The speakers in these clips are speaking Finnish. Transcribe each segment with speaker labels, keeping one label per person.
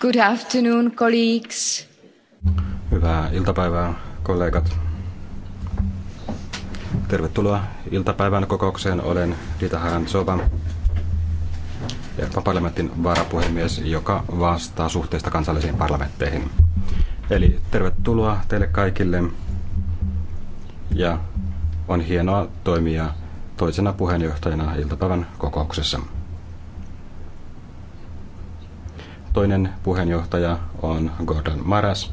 Speaker 1: Good afternoon, colleagues.
Speaker 2: Hyvää iltapäivää, kollegat. Tervetuloa iltapäivän kokoukseen. Olen Rita Harantsova, Euroopan parlamentin varapuhemies, joka vastaa suhteista kansallisiin parlamentteihin. Eli tervetuloa teille kaikille. Ja on hienoa toimia toisena puheenjohtajana iltapäivän kokouksessa. Toinen puheenjohtaja on Gordon Maras.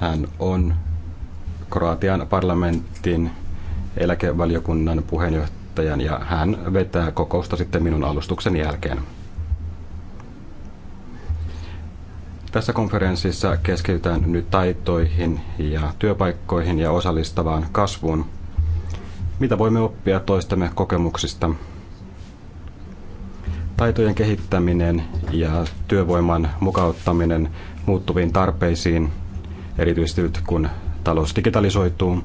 Speaker 2: Hän on Kroatian parlamentin eläkevaliokunnan puheenjohtajan ja hän vetää kokousta sitten minun alustuksen jälkeen. Tässä konferenssissa keskitytään nyt taitoihin ja työpaikkoihin ja osallistavaan kasvuun. Mitä voimme oppia toistemme kokemuksista – taitojen kehittäminen ja työvoiman mukauttaminen muuttuviin tarpeisiin, erityisesti nyt kun talous digitalisoituu,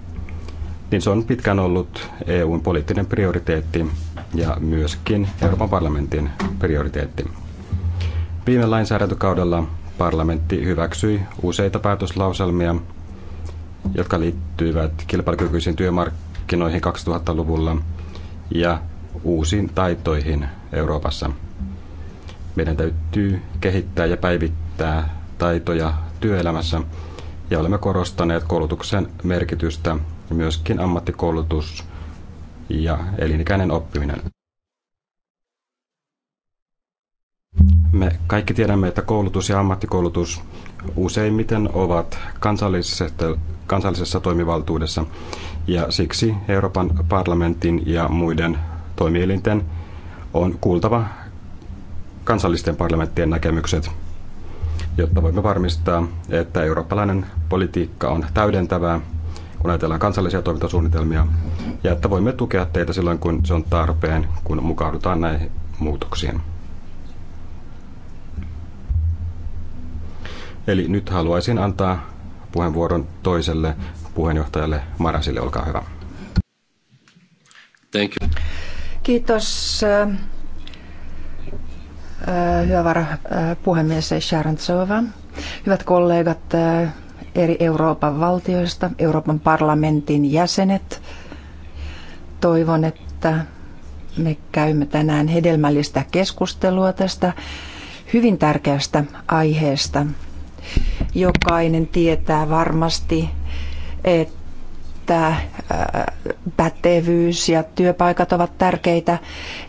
Speaker 2: niin se on pitkään ollut EUn poliittinen prioriteetti ja myöskin Euroopan parlamentin prioriteetti. Viime lainsäädäntökaudella parlamentti hyväksyi useita päätöslauselmia, jotka liittyivät kilpailukykyisiin työmarkkinoihin 2000-luvulla ja uusiin taitoihin Euroopassa. Meidän täytyy kehittää ja päivittää taitoja
Speaker 1: työelämässä
Speaker 2: ja olemme korostaneet koulutuksen merkitystä myöskin ammattikoulutus ja elinikäinen oppiminen. Me kaikki tiedämme, että koulutus ja ammattikoulutus useimmiten ovat kansallisessa, kansallisessa toimivaltuudessa ja siksi Euroopan parlamentin ja muiden toimielinten on kuultava kansallisten parlamenttien näkemykset, jotta voimme varmistaa, että eurooppalainen politiikka on täydentävää, kun ajatellaan kansallisia toimintasuunnitelmia, ja että voimme tukea teitä silloin, kun se on tarpeen, kun mukaudutaan näihin muutoksiin. Eli nyt haluaisin antaa puheenvuoron toiselle puheenjohtajalle Marasille, olkaa hyvä. Thank you.
Speaker 3: Kiitos. Äh, hyvä varapuhemies äh, Sharon Tsova. Hyvät kollegat äh, eri Euroopan valtioista, Euroopan parlamentin jäsenet. Toivon, että me käymme tänään hedelmällistä keskustelua tästä hyvin tärkeästä aiheesta. Jokainen tietää varmasti, että että pätevyys ja työpaikat ovat tärkeitä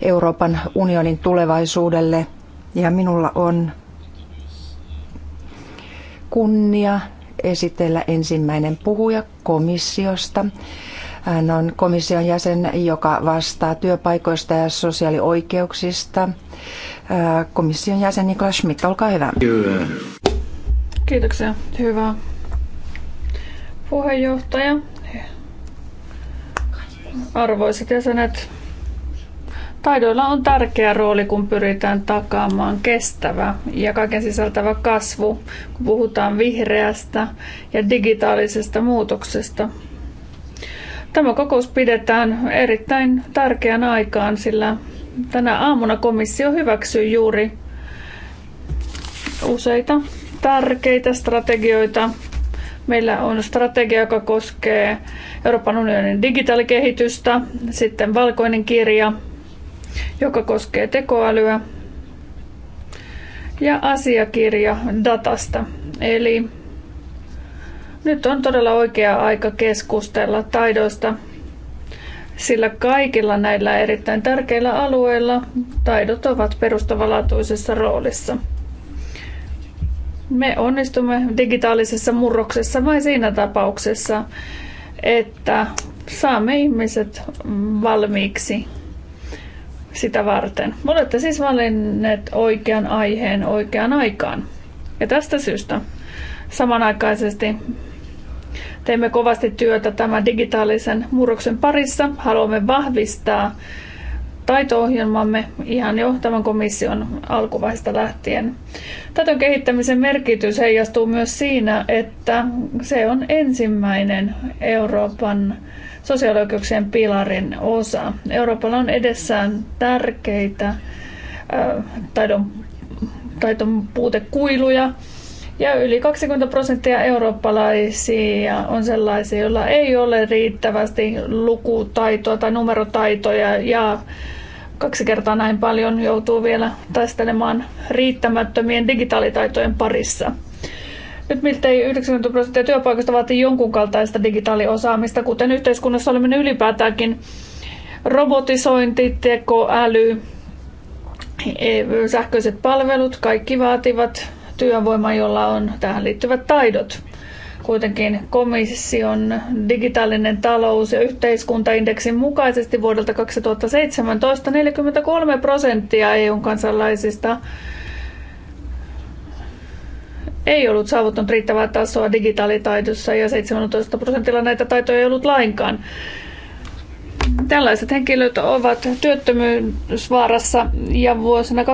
Speaker 3: Euroopan unionin tulevaisuudelle. Ja minulla on kunnia esitellä ensimmäinen puhuja komissiosta. Hän on komission jäsen, joka vastaa työpaikoista ja sosiaalioikeuksista. Komission jäsen Niklas Schmidt, olkaa hyvä.
Speaker 4: Kiitoksia. Hyvä puheenjohtaja, Arvoisat jäsenet, taidoilla on tärkeä rooli, kun pyritään takaamaan kestävä ja kaiken sisältävä kasvu, kun puhutaan vihreästä ja digitaalisesta muutoksesta. Tämä kokous pidetään erittäin tärkeän aikaan, sillä tänä aamuna komissio hyväksyi juuri useita tärkeitä strategioita Meillä on strategia, joka koskee Euroopan unionin digitaalikehitystä, sitten valkoinen kirja, joka koskee tekoälyä ja asiakirja datasta. Eli nyt on todella oikea aika keskustella taidoista, sillä kaikilla näillä erittäin tärkeillä alueilla taidot ovat perustavanlaatuisessa roolissa. Me onnistumme digitaalisessa murroksessa vain siinä tapauksessa, että saamme ihmiset valmiiksi sitä varten. Olette siis valinneet oikean aiheen oikeaan aikaan. Ja tästä syystä samanaikaisesti teemme kovasti työtä tämän digitaalisen murroksen parissa. Haluamme vahvistaa taito-ohjelmamme ihan johtavan komission alkuvaiheesta lähtien. Taiton kehittämisen merkitys heijastuu myös siinä, että se on ensimmäinen Euroopan sosiaalioikeuksien pilarin osa. Euroopalla on edessään tärkeitä taidon, taiton puutekuiluja, ja yli 20 prosenttia eurooppalaisia on sellaisia, joilla ei ole riittävästi lukutaitoa tai numerotaitoja ja kaksi kertaa näin paljon joutuu vielä taistelemaan riittämättömien digitaalitaitojen parissa. Nyt miltei 90 prosenttia työpaikoista vaatii jonkun kaltaista digitaaliosaamista, kuten yhteiskunnassa oleminen ylipäätäänkin robotisointi, tekoäly, e, sähköiset palvelut, kaikki vaativat työvoima, jolla on tähän liittyvät taidot. Kuitenkin komission digitaalinen talous- ja yhteiskuntaindeksin mukaisesti vuodelta 2017 43 prosenttia EUn kansalaisista ei ollut saavuttanut riittävää tasoa digitaalitaidossa ja 17 prosentilla näitä taitoja ei ollut lainkaan. Tällaiset henkilöt ovat työttömyysvaarassa ja vuosina 2002-2016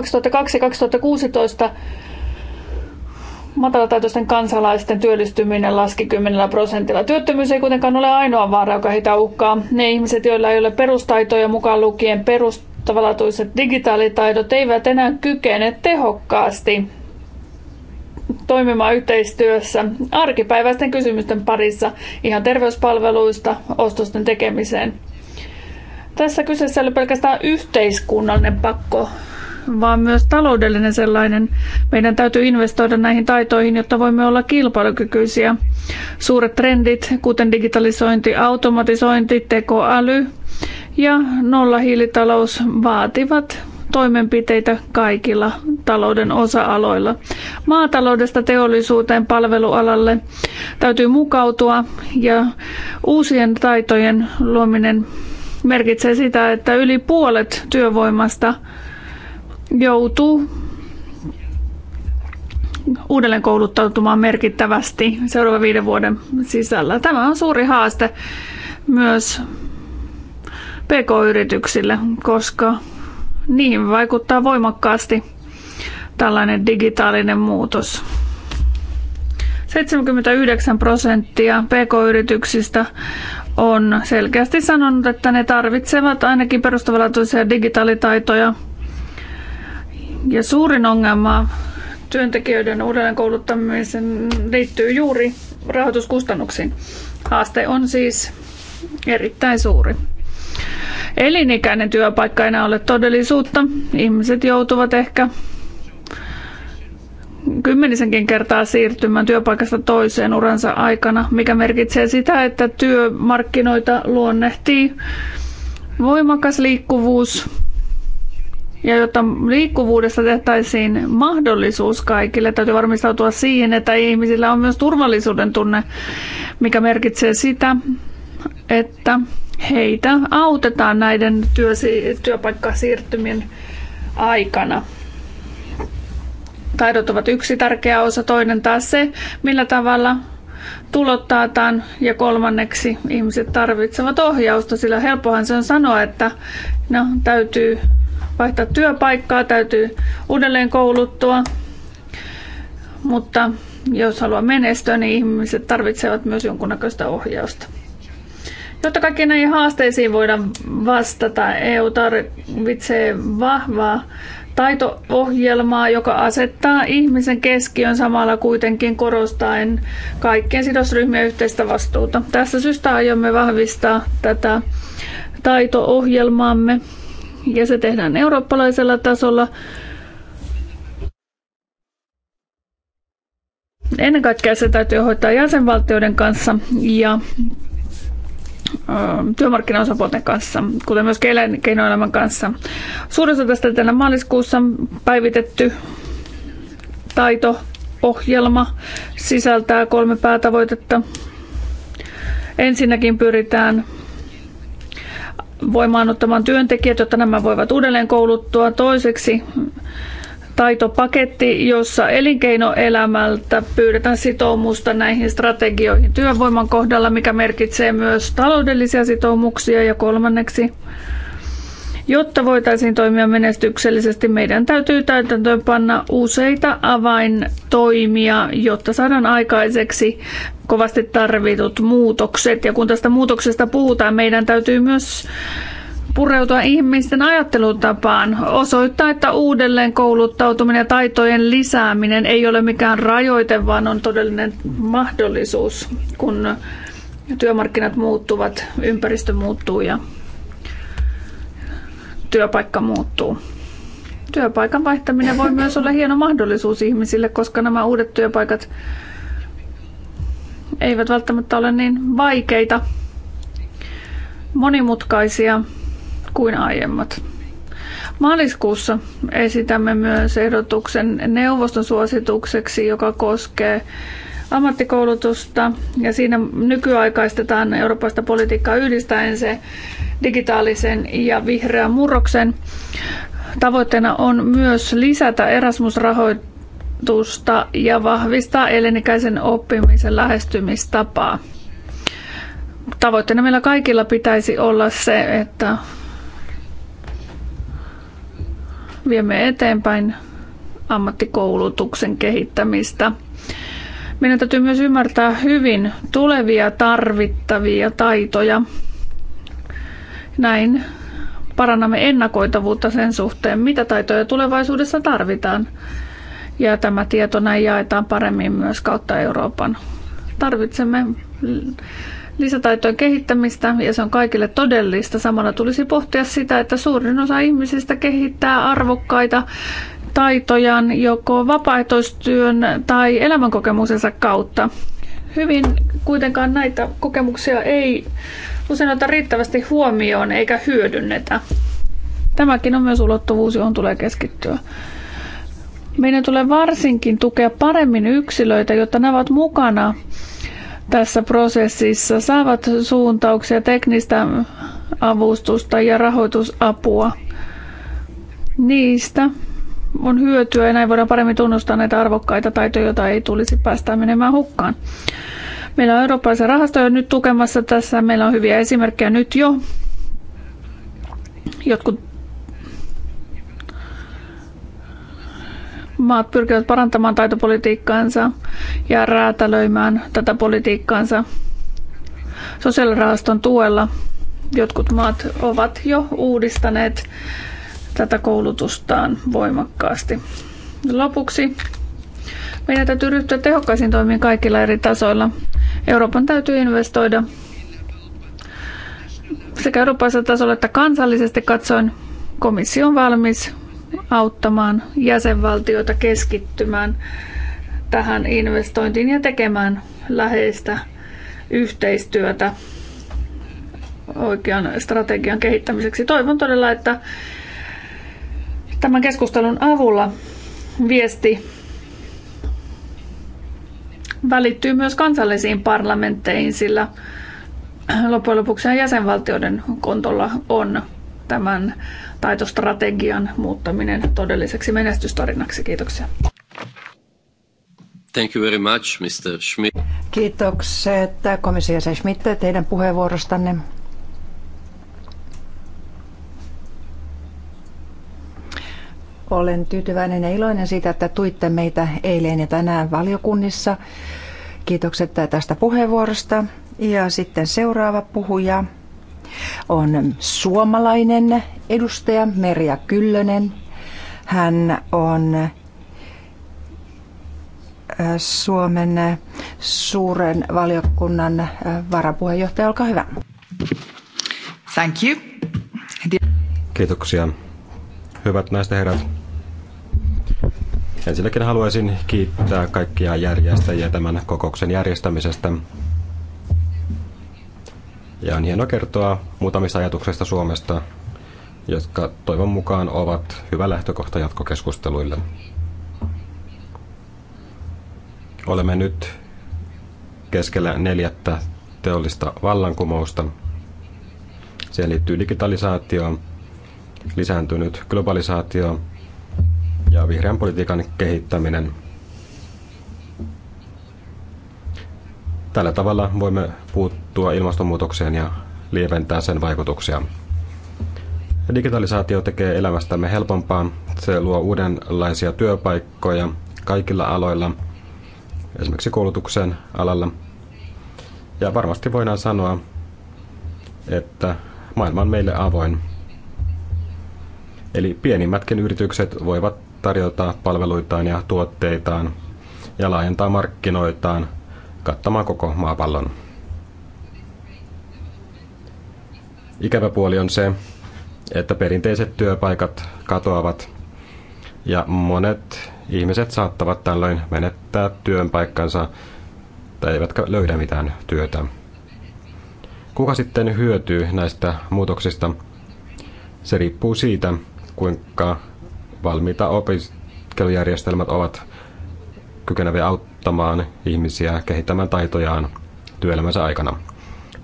Speaker 4: matalataitoisten kansalaisten työllistyminen laski 10 prosentilla. Työttömyys ei kuitenkaan ole ainoa vaara, joka heitä uhkaa. Ne ihmiset, joilla ei ole perustaitoja mukaan lukien perustavalatuiset digitaalitaidot, eivät enää kykene tehokkaasti toimimaan yhteistyössä arkipäiväisten kysymysten parissa ihan terveyspalveluista ostosten tekemiseen. Tässä kyseessä oli pelkästään yhteiskunnallinen pakko vaan myös taloudellinen sellainen. Meidän täytyy investoida näihin taitoihin, jotta voimme olla kilpailukykyisiä. Suuret trendit, kuten digitalisointi, automatisointi, tekoäly ja nollahiilitalous vaativat toimenpiteitä kaikilla talouden osa-aloilla. Maataloudesta teollisuuteen palvelualalle täytyy mukautua ja uusien taitojen luominen merkitsee sitä, että yli puolet työvoimasta joutuu uudelleen kouluttautumaan merkittävästi seuraavan viiden vuoden sisällä. Tämä on suuri haaste myös PK-yrityksille, koska niihin vaikuttaa voimakkaasti tällainen digitaalinen muutos. 79 prosenttia PK-yrityksistä on selkeästi sanonut, että ne tarvitsevat ainakin perustavanlaatuisia digitaalitaitoja – ja suurin ongelma työntekijöiden uudelleenkouluttamisen liittyy juuri rahoituskustannuksiin. Haaste on siis erittäin suuri. Elinikäinen työpaikka ei enää ole todellisuutta. Ihmiset joutuvat ehkä kymmenisenkin kertaa siirtymään työpaikasta toiseen uransa aikana, mikä merkitsee sitä, että työmarkkinoita luonnehtii voimakas liikkuvuus, ja jotta liikkuvuudesta tehtäisiin mahdollisuus kaikille, täytyy varmistautua siihen, että ihmisillä on myös turvallisuuden tunne, mikä merkitsee sitä, että heitä autetaan näiden työsi- työpaikkasiirtymien aikana. Taidot ovat yksi tärkeä osa, toinen taas se, millä tavalla tulot taataan ja kolmanneksi ihmiset tarvitsevat ohjausta, sillä helppohan se on sanoa, että no, täytyy vaihtaa työpaikkaa, täytyy uudelleen kouluttua. Mutta jos haluaa menestyä, niin ihmiset tarvitsevat myös jonkunnäköistä ohjausta. Jotta kaikkiin näihin haasteisiin voidaan vastata, EU tarvitsee vahvaa taito-ohjelmaa, joka asettaa ihmisen keskiön samalla kuitenkin korostaen kaikkien sidosryhmien yhteistä vastuuta. Tässä syystä aiomme vahvistaa tätä taito-ohjelmaamme ja se tehdään eurooppalaisella tasolla. Ennen kaikkea se täytyy hoitaa jäsenvaltioiden kanssa ja työmarkkinaosapuolten kanssa, kuten myös keinoelämän kanssa. Suurissa tästä tänä maaliskuussa päivitetty taito-ohjelma sisältää kolme päätavoitetta. Ensinnäkin pyritään voimaanottamaan työntekijät, jotta nämä voivat uudelleen kouluttua. Toiseksi taitopaketti, jossa elinkeinoelämältä pyydetään sitoumusta näihin strategioihin työvoiman kohdalla, mikä merkitsee myös taloudellisia sitoumuksia. Ja kolmanneksi Jotta voitaisiin toimia menestyksellisesti, meidän täytyy täytäntöön panna useita avaintoimia, jotta saadaan aikaiseksi kovasti tarvitut muutokset. Ja kun tästä muutoksesta puhutaan, meidän täytyy myös pureutua ihmisten ajattelutapaan, osoittaa, että uudelleen kouluttautuminen ja taitojen lisääminen ei ole mikään rajoite, vaan on todellinen mahdollisuus, kun työmarkkinat muuttuvat, ympäristö muuttuu ja työpaikka muuttuu. Työpaikan vaihtaminen voi myös olla hieno mahdollisuus ihmisille, koska nämä uudet työpaikat eivät välttämättä ole niin vaikeita, monimutkaisia kuin aiemmat. Maaliskuussa esitämme myös ehdotuksen neuvoston suositukseksi, joka koskee ammattikoulutusta ja siinä nykyaikaistetaan eurooppalaista politiikkaa yhdistäen se digitaalisen ja vihreän murroksen. Tavoitteena on myös lisätä Erasmus-rahoitusta ja vahvistaa elinikäisen oppimisen lähestymistapaa. Tavoitteena meillä kaikilla pitäisi olla se, että viemme eteenpäin ammattikoulutuksen kehittämistä meidän täytyy myös ymmärtää hyvin tulevia tarvittavia taitoja. Näin parannamme ennakoitavuutta sen suhteen, mitä taitoja tulevaisuudessa tarvitaan. Ja tämä tieto näin jaetaan paremmin myös kautta Euroopan. Tarvitsemme lisätaitojen kehittämistä ja se on kaikille todellista. Samalla tulisi pohtia sitä, että suurin osa ihmisistä kehittää arvokkaita taitojaan joko vapaaehtoistyön tai elämänkokemuksensa kautta. Hyvin kuitenkaan näitä kokemuksia ei usein ota riittävästi huomioon eikä hyödynnetä. Tämäkin on myös ulottuvuus, johon tulee keskittyä. Meidän tulee varsinkin tukea paremmin yksilöitä, jotta ne ovat mukana tässä prosessissa, saavat suuntauksia, teknistä avustusta ja rahoitusapua niistä on hyötyä ja näin voidaan paremmin tunnustaa näitä arvokkaita taitoja, joita ei tulisi päästää menemään hukkaan. Meillä on eurooppalaisia rahastoja nyt tukemassa tässä. Meillä on hyviä esimerkkejä nyt jo. Jotkut maat pyrkivät parantamaan taitopolitiikkaansa ja räätälöimään tätä politiikkaansa sosiaalirahaston tuella. Jotkut maat ovat jo uudistaneet tätä koulutustaan voimakkaasti. Lopuksi meidän täytyy ryhtyä tehokkaisiin toimiin kaikilla eri tasoilla. Euroopan täytyy investoida sekä eurooppalaisella tasolla että kansallisesti katsoen. Komissio on valmis auttamaan jäsenvaltioita keskittymään tähän investointiin ja tekemään läheistä yhteistyötä oikean strategian kehittämiseksi. Toivon todella, että Tämän keskustelun avulla viesti välittyy myös kansallisiin parlamentteihin, sillä loppujen lopuksi jäsenvaltioiden kontolla on tämän taitostrategian muuttaminen todelliseksi
Speaker 3: menestystarinaksi. Kiitoksia.
Speaker 1: Thank you very much, Mr. Schmidt.
Speaker 3: Kiitokset komission Schmidt teidän puheenvuorostanne. Olen tyytyväinen ja iloinen siitä, että tuitte meitä eilen ja tänään valiokunnissa. Kiitokset tästä puheenvuorosta. Ja sitten seuraava puhuja on suomalainen edustaja Merja Kyllönen. Hän on äh, Suomen suuren valiokunnan äh, varapuheenjohtaja. Olkaa hyvä. Thank you.
Speaker 2: Kiitoksia. Hyvät naiset herrat, Ensinnäkin haluaisin kiittää kaikkia järjestäjiä tämän kokouksen järjestämisestä. Ja on hienoa kertoa muutamista ajatuksista Suomesta, jotka toivon mukaan ovat hyvä lähtökohta jatkokeskusteluille. Olemme nyt keskellä neljättä teollista vallankumousta. Siihen liittyy digitalisaatio, lisääntynyt globalisaatio ja vihreän politiikan kehittäminen. Tällä tavalla voimme puuttua ilmastonmuutokseen ja lieventää sen vaikutuksia. Digitalisaatio tekee elämästämme helpompaa. Se luo uudenlaisia työpaikkoja kaikilla aloilla, esimerkiksi koulutuksen alalla. Ja varmasti voidaan sanoa, että maailma on meille avoin. Eli pienimmätkin yritykset voivat tarjota palveluitaan ja tuotteitaan ja laajentaa markkinoitaan kattamaan koko maapallon. Ikävä puoli on se, että perinteiset työpaikat katoavat ja monet ihmiset saattavat tällöin menettää työpaikkansa tai eivätkä löydä mitään työtä. Kuka sitten hyötyy näistä muutoksista? Se riippuu siitä, kuinka valmiita opiskelujärjestelmät ovat kykeneviä auttamaan ihmisiä kehittämään taitojaan työelämänsä aikana.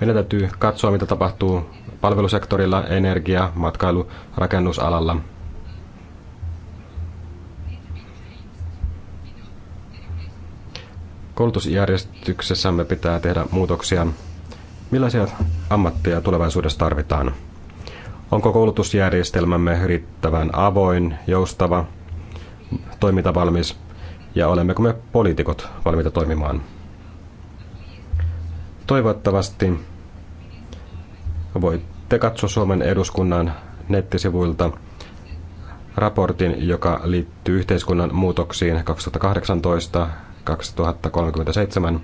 Speaker 2: Meidän täytyy katsoa, mitä tapahtuu palvelusektorilla, energia, matkailu, rakennusalalla. Koulutusjärjestyksessämme pitää tehdä muutoksia. Millaisia ammatteja tulevaisuudessa tarvitaan? Onko koulutusjärjestelmämme riittävän avoin, joustava, toimintavalmis ja olemmeko me poliitikot valmiita toimimaan? Toivottavasti voitte katsoa Suomen eduskunnan nettisivuilta raportin, joka liittyy yhteiskunnan muutoksiin 2018-2037.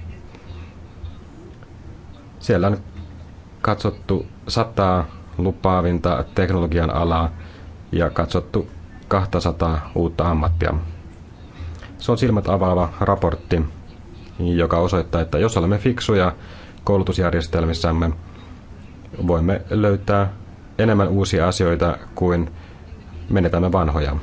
Speaker 2: Siellä on katsottu sataa lupaavinta teknologian alaa ja katsottu 200 uutta ammattia. Se on silmät avaava raportti, joka osoittaa, että jos olemme fiksuja koulutusjärjestelmissämme, voimme löytää enemmän uusia asioita kuin menetämme vanhoja.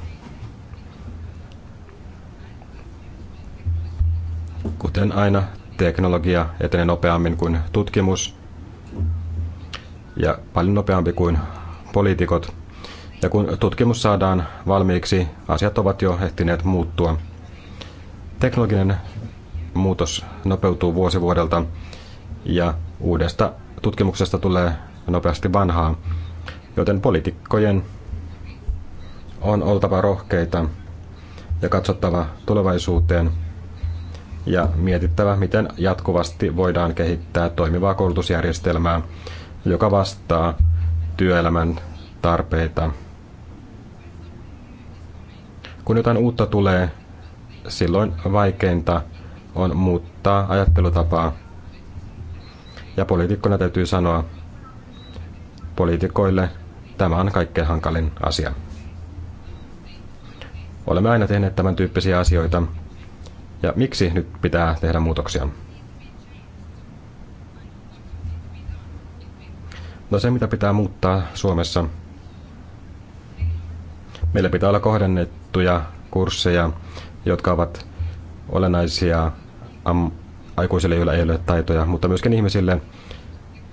Speaker 2: Kuten aina, teknologia etenee nopeammin kuin tutkimus, ja paljon nopeampi kuin poliitikot. Ja kun tutkimus saadaan valmiiksi, asiat ovat jo ehtineet muuttua. Teknologinen muutos nopeutuu vuosi vuodelta ja uudesta tutkimuksesta tulee nopeasti vanhaa, joten poliitikkojen on oltava rohkeita ja katsottava tulevaisuuteen ja mietittävä, miten jatkuvasti voidaan kehittää toimivaa koulutusjärjestelmää, joka vastaa työelämän tarpeita. Kun jotain uutta tulee, silloin vaikeinta on muuttaa ajattelutapaa. Ja poliitikkona täytyy sanoa, poliitikoille tämä on kaikkein hankalin asia. Olemme aina tehneet tämän tyyppisiä asioita. Ja miksi nyt pitää tehdä muutoksia? No se, mitä pitää muuttaa Suomessa, meillä pitää olla kohdennettuja kursseja, jotka ovat olennaisia am- aikuisille, joilla ei ole taitoja, mutta myöskin ihmisille,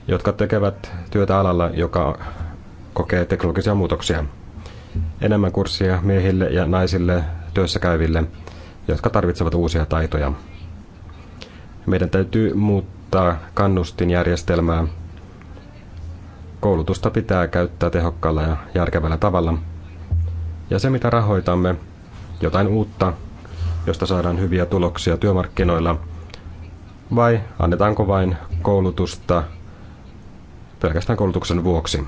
Speaker 2: jotka tekevät työtä alalla, joka kokee teknologisia muutoksia. Enemmän kurssia miehille ja naisille työssä käyville, jotka tarvitsevat uusia taitoja. Meidän täytyy muuttaa kannustinjärjestelmää Koulutusta pitää käyttää tehokkaalla ja järkevällä tavalla. Ja se, mitä rahoitamme, jotain uutta, josta saadaan hyviä tuloksia työmarkkinoilla, vai annetaanko vain koulutusta pelkästään koulutuksen vuoksi,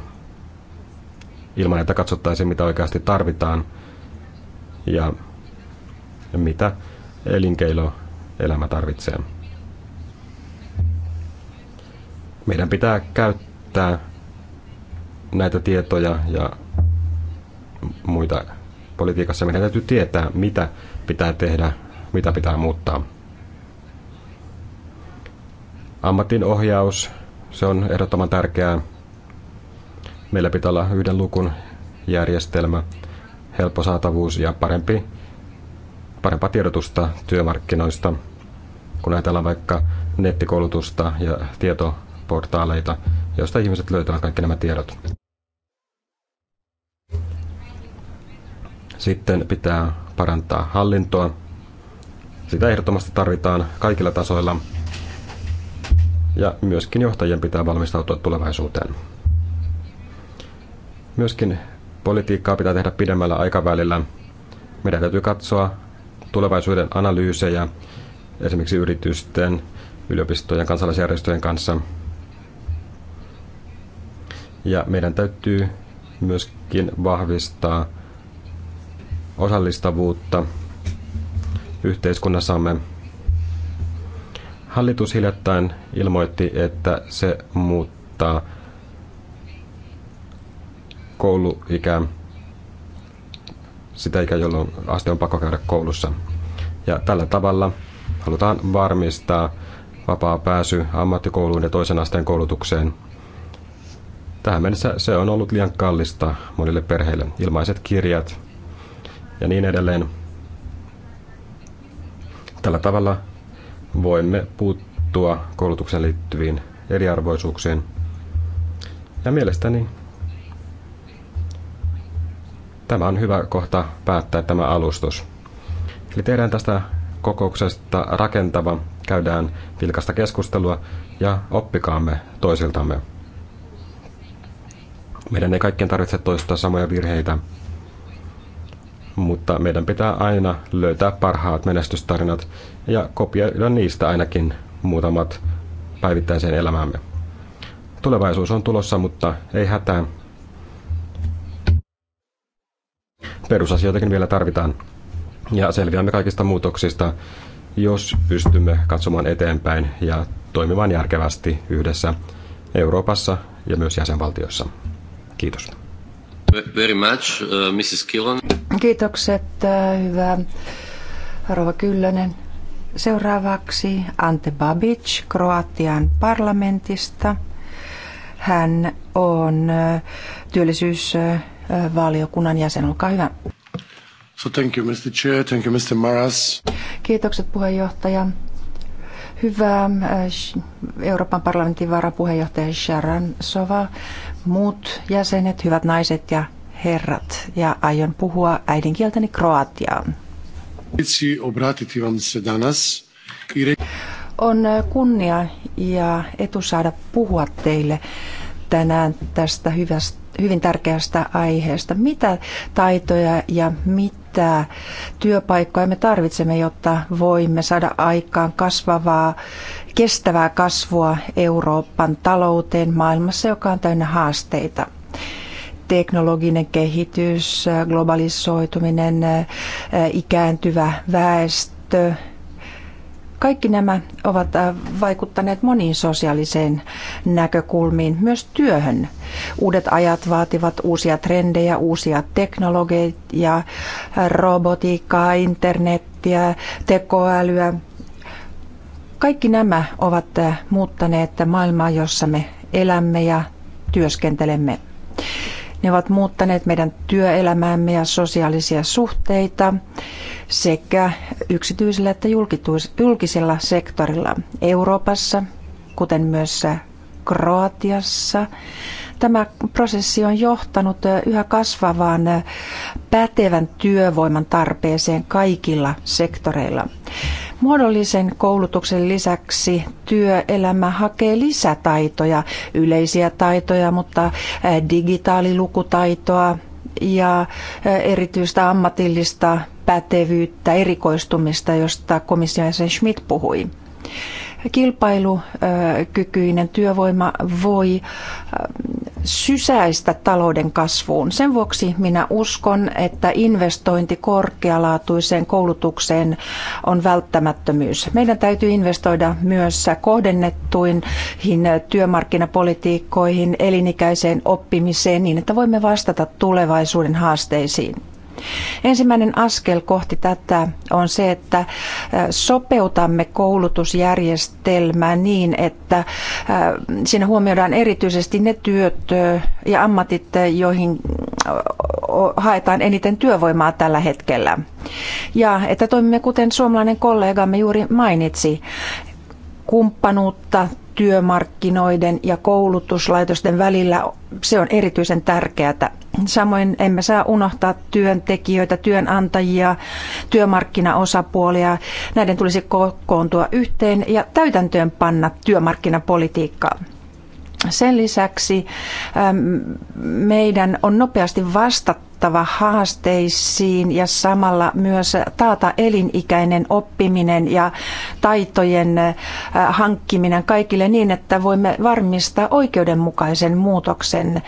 Speaker 2: ilman että katsottaisiin, mitä oikeasti tarvitaan ja mitä elinkeinoelämä tarvitsee. Meidän pitää käyttää näitä tietoja ja muita politiikassa. Meidän täytyy tietää, mitä pitää tehdä, mitä pitää muuttaa. Ammatin ohjaus, se on ehdottoman tärkeää. Meillä pitää olla yhden lukun järjestelmä, helppo saatavuus ja parempi, parempaa tiedotusta työmarkkinoista. Kun ajatellaan vaikka nettikoulutusta ja tieto portaaleita, joista ihmiset löytävät kaikki nämä tiedot. Sitten pitää parantaa hallintoa. Sitä ehdottomasti tarvitaan kaikilla tasoilla. Ja myöskin johtajien pitää valmistautua tulevaisuuteen. Myöskin politiikkaa pitää tehdä pidemmällä aikavälillä. Meidän täytyy katsoa tulevaisuuden analyysejä esimerkiksi yritysten, yliopistojen, kansalaisjärjestöjen kanssa – ja meidän täytyy myöskin vahvistaa osallistavuutta yhteiskunnassamme. Hallitus hiljattain ilmoitti, että se muuttaa kouluikä sitä ikä, jolloin aste on pakko käydä koulussa. Ja tällä tavalla halutaan varmistaa vapaa pääsy ammattikouluun ja toisen asteen koulutukseen – Tähän mennessä se on ollut liian kallista monille perheille. Ilmaiset kirjat ja niin edelleen. Tällä tavalla voimme puuttua koulutukseen liittyviin eriarvoisuuksiin. Ja mielestäni tämä on hyvä kohta päättää tämä alustus. Eli tehdään tästä kokouksesta rakentava, käydään vilkasta keskustelua ja oppikaamme toisiltamme. Meidän ei kaikkien tarvitse toistaa samoja virheitä, mutta meidän pitää aina löytää parhaat menestystarinat ja kopioida niistä ainakin muutamat päivittäiseen elämäämme. Tulevaisuus on tulossa, mutta ei hätää. Perusasioitakin vielä tarvitaan ja selviämme kaikista muutoksista, jos pystymme katsomaan eteenpäin ja toimimaan järkevästi yhdessä Euroopassa ja myös jäsenvaltiossa. Kiitos.
Speaker 1: Very much, uh, Mrs. Kilon.
Speaker 3: Kiitokset, uh, hyvä Rova Kyllönen. Seuraavaksi Ante Babic Kroatian parlamentista. Hän on uh, työllisyysvaliokunnan uh, jäsen. Olkaa hyvä.
Speaker 1: So thank you, Mr. Chair. Thank you, Mr. Maras.
Speaker 3: Kiitokset puheenjohtaja. Hyvä äh, Euroopan parlamentin varapuheenjohtaja Sharon Sova, muut jäsenet, hyvät naiset ja herrat, ja aion puhua äidinkieltäni kroatiaan. On äh, kunnia ja etu saada puhua teille tänään tästä hyvästä, hyvin tärkeästä aiheesta. Mitä taitoja ja mit, lisää työpaikkoja me tarvitsemme, jotta voimme saada aikaan kasvavaa, kestävää kasvua Euroopan talouteen maailmassa, joka on täynnä haasteita. Teknologinen kehitys, globalisoituminen, ikääntyvä väestö, kaikki nämä ovat äh, vaikuttaneet moniin sosiaaliseen näkökulmiin, myös työhön. Uudet ajat vaativat uusia trendejä, uusia teknologeja, robotiikkaa, internettiä, tekoälyä. Kaikki nämä ovat äh, muuttaneet maailmaa, jossa me elämme ja työskentelemme. Ne ovat muuttaneet meidän työelämäämme ja sosiaalisia suhteita sekä yksityisellä että julkisella sektorilla Euroopassa, kuten myös Kroatiassa. Tämä prosessi on johtanut yhä kasvavaan pätevän työvoiman tarpeeseen kaikilla sektoreilla. Muodollisen koulutuksen lisäksi työelämä hakee lisätaitoja, yleisiä taitoja, mutta digitaalilukutaitoa ja erityistä ammatillista pätevyyttä, erikoistumista, josta komission jäsen Schmidt puhui. Kilpailukykyinen työvoima voi sysäistä talouden kasvuun. Sen vuoksi minä uskon, että investointi korkealaatuiseen koulutukseen on välttämättömyys. Meidän täytyy investoida myös kohdennettuihin työmarkkinapolitiikkoihin, elinikäiseen oppimiseen niin, että voimme vastata tulevaisuuden haasteisiin. Ensimmäinen askel kohti tätä on se, että sopeutamme koulutusjärjestelmää niin, että siinä huomioidaan erityisesti ne työt ja ammatit, joihin haetaan eniten työvoimaa tällä hetkellä. Ja että toimimme kuten suomalainen kollegamme juuri mainitsi, kumppanuutta työmarkkinoiden ja koulutuslaitosten välillä, se on erityisen tärkeää. Samoin emme saa unohtaa työntekijöitä, työnantajia, työmarkkinaosapuolia. Näiden tulisi kokoontua yhteen ja täytäntöön panna työmarkkinapolitiikkaa. Sen lisäksi ähm, meidän on nopeasti vastattava haasteisiin ja samalla myös taata elinikäinen oppiminen ja taitojen äh, hankkiminen kaikille niin, että voimme varmistaa oikeudenmukaisen muutoksen,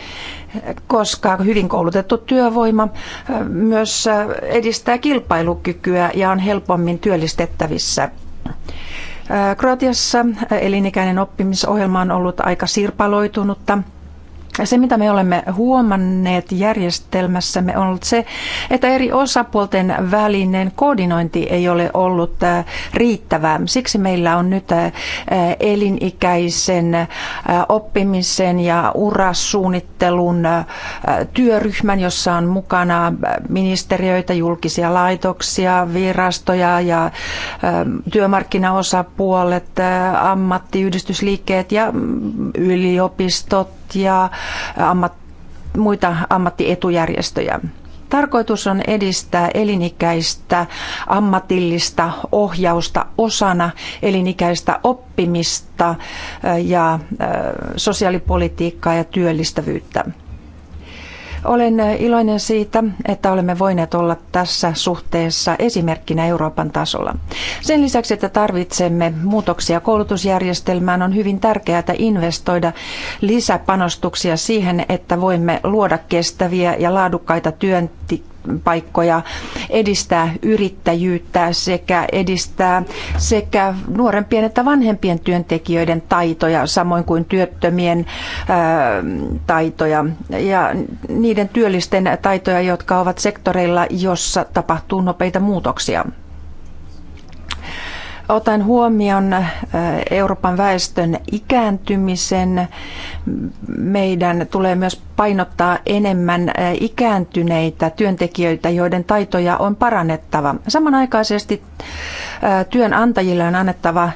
Speaker 3: koska hyvin koulutettu työvoima äh, myös äh, edistää kilpailukykyä ja on helpommin työllistettävissä. Kroatiassa elinikäinen oppimisohjelma on ollut aika sirpaloitunutta se, mitä me olemme huomanneet järjestelmässämme, on ollut se, että eri osapuolten välinen koordinointi ei ole ollut äh, riittävää. Siksi meillä on nyt äh, elinikäisen äh, oppimisen ja urasuunnittelun työryhmän, jossa on mukana ministeriöitä, julkisia laitoksia, virastoja ja työmarkkinaosapuolet, ammattiyhdistysliikkeet ja mm, yliopistot ja ammat, muita ammattietujärjestöjä. Tarkoitus on edistää elinikäistä ammatillista ohjausta osana elinikäistä oppimista ja sosiaalipolitiikkaa ja työllistävyyttä. Olen iloinen siitä, että olemme voineet olla tässä suhteessa esimerkkinä Euroopan tasolla. Sen lisäksi, että tarvitsemme muutoksia koulutusjärjestelmään, on hyvin tärkeää investoida lisäpanostuksia siihen, että voimme luoda kestäviä ja laadukkaita työntekijöitä työpaikkoja, edistää yrittäjyyttä sekä edistää sekä nuorempien että vanhempien työntekijöiden taitoja, samoin kuin työttömien taitoja ja niiden työllisten taitoja, jotka ovat sektoreilla, jossa tapahtuu nopeita muutoksia otan huomioon äh, Euroopan väestön ikääntymisen, meidän tulee myös painottaa enemmän äh, ikääntyneitä työntekijöitä, joiden taitoja on parannettava. Samanaikaisesti äh, työnantajille on annettava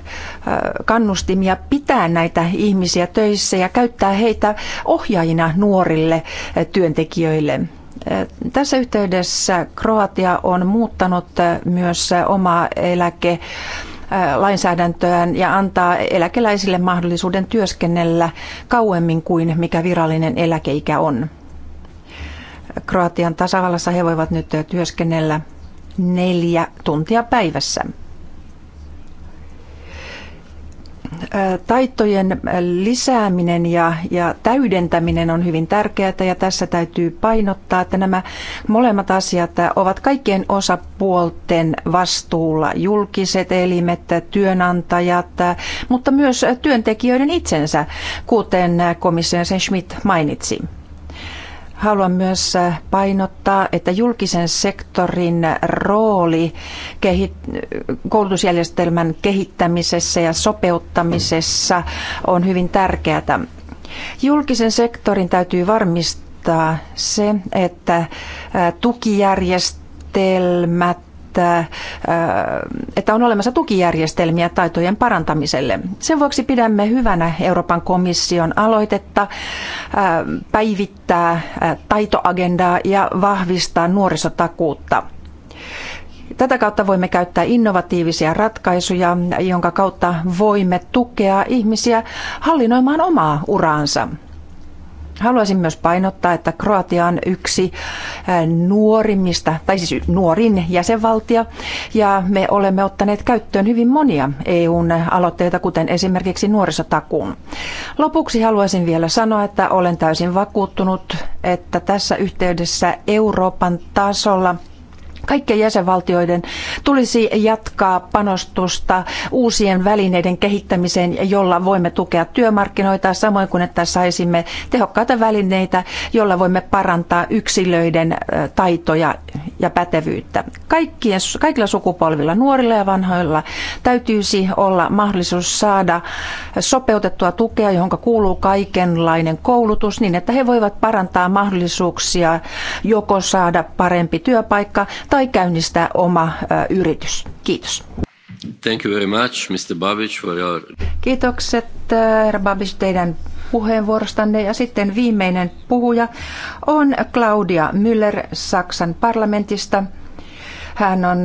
Speaker 3: kannustimia pitää näitä ihmisiä töissä ja käyttää heitä ohjaajina nuorille työntekijöille. Tässä yhteydessä Kroatia on muuttanut myös omaa eläke lainsäädäntöään ja antaa eläkeläisille mahdollisuuden työskennellä kauemmin kuin mikä virallinen eläkeikä on. Kroatian tasavallassa he voivat nyt työskennellä neljä tuntia päivässä. taitojen lisääminen ja, ja täydentäminen on hyvin tärkeää ja tässä täytyy painottaa, että nämä molemmat asiat ovat kaikkien osapuolten vastuulla. Julkiset elimet, työnantajat, mutta myös työntekijöiden itsensä, kuten komission sen Schmidt mainitsi. Haluan myös painottaa, että julkisen sektorin rooli koulutusjärjestelmän kehittämisessä ja sopeuttamisessa on hyvin tärkeää. Julkisen sektorin täytyy varmistaa se, että tukijärjestelmät että, äh, että on olemassa tukijärjestelmiä taitojen parantamiselle. Sen vuoksi pidämme hyvänä Euroopan komission aloitetta äh, päivittää äh, taitoagendaa ja vahvistaa nuorisotakuutta. Tätä kautta voimme käyttää innovatiivisia ratkaisuja, jonka kautta voimme tukea ihmisiä hallinnoimaan omaa uraansa. Haluaisin myös painottaa, että Kroatia on yksi nuorimmista, tai siis nuorin jäsenvaltio, ja me olemme ottaneet käyttöön hyvin monia EUn aloitteita, kuten esimerkiksi nuorisotakuun. Lopuksi haluaisin vielä sanoa, että olen täysin vakuuttunut, että tässä yhteydessä Euroopan tasolla – Kaikkien jäsenvaltioiden tulisi jatkaa panostusta uusien välineiden kehittämiseen, jolla voimme tukea työmarkkinoita, samoin kuin että saisimme tehokkaita välineitä, jolla voimme parantaa yksilöiden taitoja ja pätevyyttä. Kaikkien, kaikilla sukupolvilla, nuorilla ja vanhoilla, täytyisi olla mahdollisuus saada sopeutettua tukea, johon kuuluu kaikenlainen koulutus, niin että he voivat parantaa mahdollisuuksia joko saada parempi työpaikka tai käynnistää oma yritys. Kiitos.
Speaker 1: Thank you very much, Mr. Babic, for your...
Speaker 3: Kiitokset, herra Babic, teidän puheenvuorostanne. Ja sitten viimeinen puhuja on Claudia Müller Saksan parlamentista. Hän on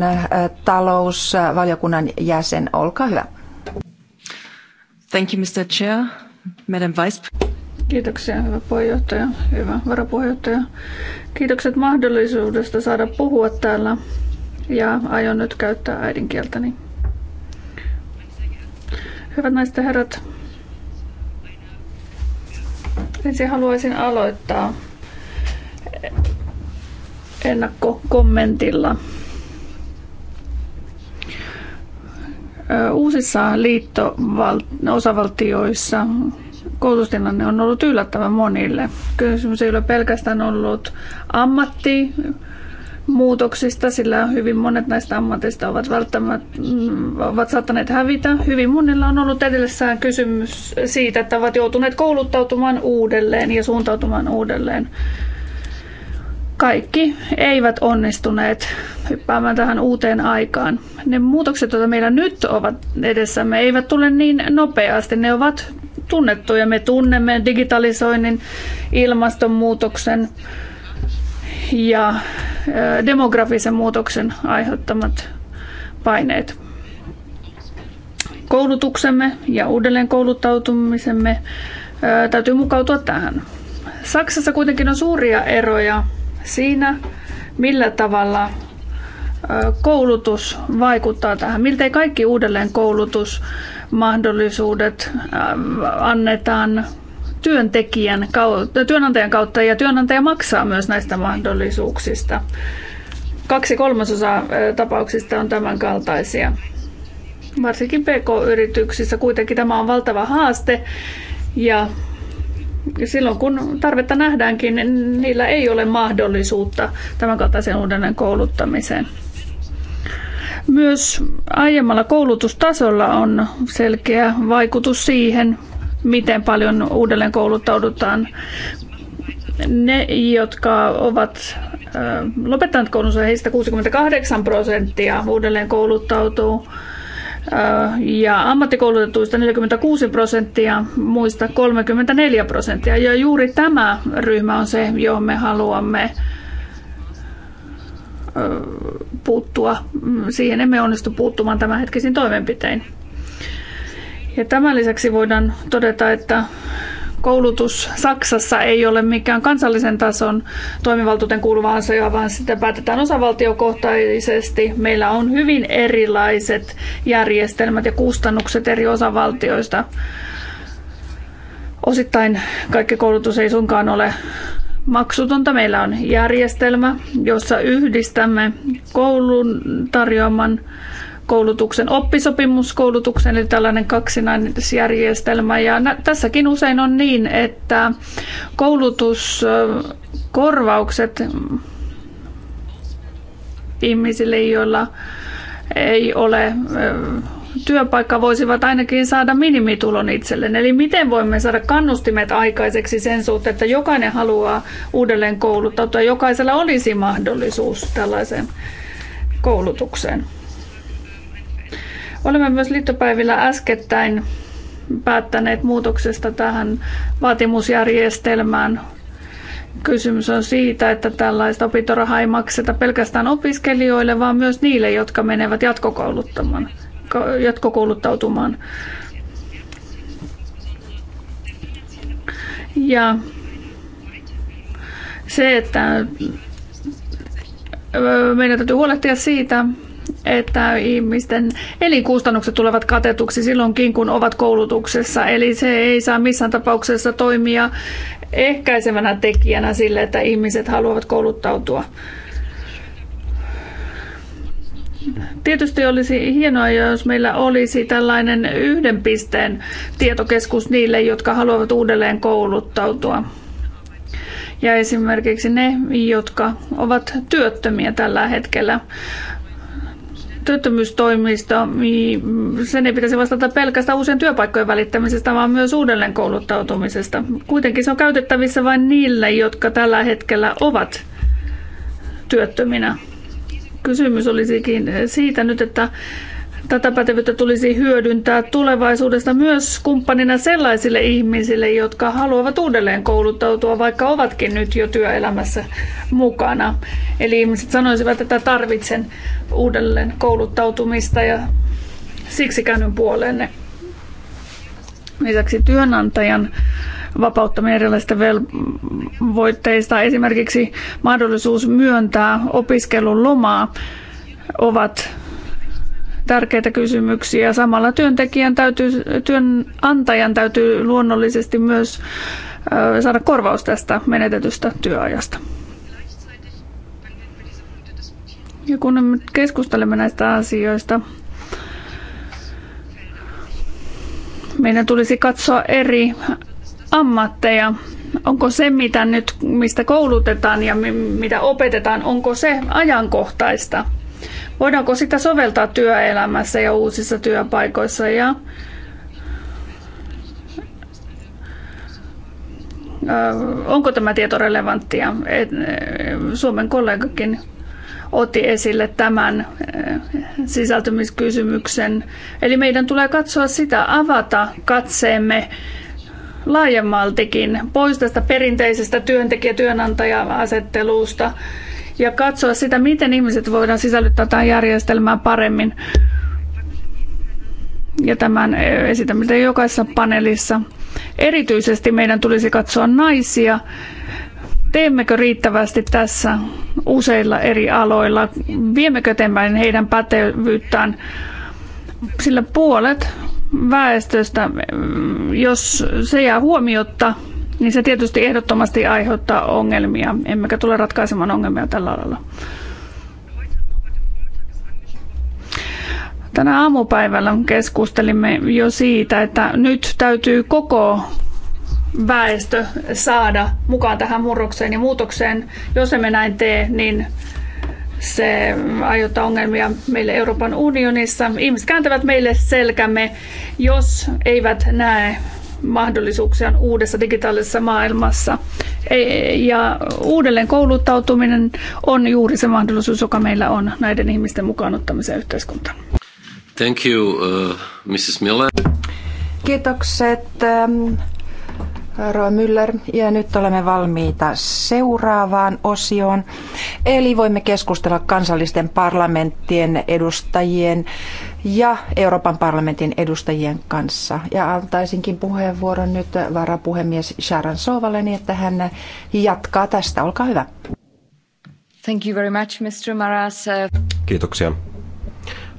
Speaker 3: talousvaliokunnan jäsen. Olkaa hyvä. Thank you, Mr. Chair, Madam Vice Kiitoksia, hyvä puheenjohtaja, hyvä varapuheenjohtaja.
Speaker 4: Kiitokset mahdollisuudesta saada puhua täällä ja aion nyt käyttää äidinkieltäni. Hyvät naiset ja herrat, ensin haluaisin aloittaa ennakkokommentilla. Uusissa liitto-osavaltioissa koulutustilanne on ollut yllättävän monille. Kysymys ei ole pelkästään ollut ammatti, muutoksista, sillä hyvin monet näistä ammatista ovat, välttämättä, mm, ovat saattaneet hävitä. Hyvin monilla on ollut edellessään kysymys siitä, että ovat joutuneet kouluttautumaan uudelleen ja suuntautumaan uudelleen. Kaikki eivät onnistuneet hyppäämään tähän uuteen aikaan. Ne muutokset, joita meillä nyt ovat edessämme, eivät tule niin nopeasti. Ne ovat tunnettu ja me tunnemme digitalisoinnin, ilmastonmuutoksen ja demografisen muutoksen aiheuttamat paineet. Koulutuksemme ja uudelleen kouluttautumisemme täytyy mukautua tähän. Saksassa kuitenkin on suuria eroja siinä, millä tavalla koulutus vaikuttaa tähän. Miltei kaikki uudelleen koulutus mahdollisuudet ähm, annetaan työntekijän, työnantajan kautta ja työnantaja maksaa myös näistä mahdollisuuksista. Kaksi kolmasosaa äh, tapauksista on tämän kaltaisia. Varsinkin PK-yrityksissä kuitenkin tämä on valtava haaste ja silloin kun tarvetta nähdäänkin, niin niillä ei ole mahdollisuutta tämän kaltaisen uudelleen kouluttamiseen. Myös aiemmalla koulutustasolla on selkeä vaikutus siihen, miten paljon uudelleen kouluttaudutaan. Ne, jotka ovat lopettaneet koulunsa, heistä 68 prosenttia uudelleen kouluttautuu ja ammattikoulutetuista 46 prosenttia, muista 34 prosenttia. Ja juuri tämä ryhmä on se, johon me haluamme puuttua. Siihen emme onnistu puuttumaan hetkisin toimenpitein. Ja tämän lisäksi voidaan todeta, että koulutus Saksassa ei ole mikään kansallisen tason toimivaltuuteen kuuluva asia, vaan sitä päätetään osavaltiokohtaisesti. Meillä on hyvin erilaiset järjestelmät ja kustannukset eri osavaltioista. Osittain kaikki koulutus ei sunkaan ole maksutonta. Meillä on järjestelmä, jossa yhdistämme koulun tarjoaman koulutuksen oppisopimuskoulutuksen, eli tällainen kaksinaisjärjestelmä. Ja tässäkin usein on niin, että koulutuskorvaukset ihmisille, joilla ei ole työpaikka voisivat ainakin saada minimitulon itselleen. Eli miten voimme saada kannustimet aikaiseksi sen suhteen, että jokainen haluaa uudelleen kouluttautua, jokaisella olisi mahdollisuus tällaiseen koulutukseen. Olemme myös liittopäivillä äskettäin päättäneet muutoksesta tähän vaatimusjärjestelmään. Kysymys on siitä, että tällaista opintorahaa ei makseta pelkästään opiskelijoille, vaan myös niille, jotka menevät jatkokouluttamaan jatkokouluttautumaan. Ja se, että meidän täytyy huolehtia siitä, että ihmisten elinkustannukset tulevat katetuksi silloinkin, kun ovat koulutuksessa. Eli se ei saa missään tapauksessa toimia ehkäisevänä tekijänä sille, että ihmiset haluavat kouluttautua. Tietysti olisi hienoa, jos meillä olisi tällainen yhden pisteen tietokeskus niille, jotka haluavat uudelleen kouluttautua. Ja esimerkiksi ne, jotka ovat työttömiä tällä hetkellä. Työttömyystoimisto, sen ei pitäisi vastata pelkästään uusien työpaikkojen välittämisestä, vaan myös uudelleen kouluttautumisesta. Kuitenkin se on käytettävissä vain niille, jotka tällä hetkellä ovat työttöminä Kysymys olisikin siitä nyt, että tätä pätevyyttä tulisi hyödyntää tulevaisuudesta myös kumppanina sellaisille ihmisille, jotka haluavat uudelleen kouluttautua, vaikka ovatkin nyt jo työelämässä mukana. Eli ihmiset sanoisivat, että tarvitsen uudelleen kouluttautumista ja siksi käännyn puoleenne. Lisäksi työnantajan vapauttaminen erilaisista velvoitteista, esimerkiksi mahdollisuus myöntää opiskelun lomaa, ovat tärkeitä kysymyksiä. Samalla työntekijän täytyy, työnantajan täytyy luonnollisesti myös saada korvaus tästä menetetystä työajasta. Ja kun me keskustelemme näistä asioista, meidän tulisi katsoa eri ammatteja. Onko se, mitä nyt, mistä koulutetaan ja mitä opetetaan, onko se ajankohtaista? Voidaanko sitä soveltaa työelämässä ja uusissa työpaikoissa ja onko tämä tieto relevanttia? Suomen kollegakin otti esille tämän sisältymiskysymyksen. Eli meidän tulee katsoa sitä, avata katseemme laajemmaltikin pois tästä perinteisestä työntekijä-työnantaja-asettelusta ja katsoa sitä, miten ihmiset voidaan sisällyttää tähän järjestelmään paremmin. Ja tämän eh, esitämme jokaisessa paneelissa. Erityisesti meidän tulisi katsoa naisia. Teemmekö riittävästi tässä useilla eri aloilla? Viemmekö eteenpäin heidän pätevyyttään? Sillä puolet väestöstä, jos se jää huomiotta, niin se tietysti ehdottomasti aiheuttaa ongelmia, emmekä tule ratkaisemaan ongelmia tällä alalla. Tänä aamupäivällä keskustelimme jo siitä, että nyt täytyy koko väestö saada mukaan tähän murrokseen ja muutokseen. Jos emme näin tee, niin se aiheuttaa ongelmia meille Euroopan unionissa. Ihmiset kääntävät meille selkämme, jos eivät näe mahdollisuuksia uudessa digitaalisessa maailmassa. Ja uudelleen kouluttautuminen on juuri se mahdollisuus, joka meillä on näiden ihmisten mukaan ottamiseen
Speaker 1: yhteiskuntaan. Thank you, uh, Mrs. Miller.
Speaker 3: Kiitokset. Um, Roy Müller. Ja nyt olemme valmiita seuraavaan osioon. Eli voimme keskustella kansallisten parlamenttien edustajien ja Euroopan parlamentin edustajien kanssa. Ja antaisinkin puheenvuoron nyt varapuhemies Sharon Sovalle, niin että hän jatkaa tästä. Olkaa hyvä. Thank you very much, Mr. Maras.
Speaker 2: Kiitoksia.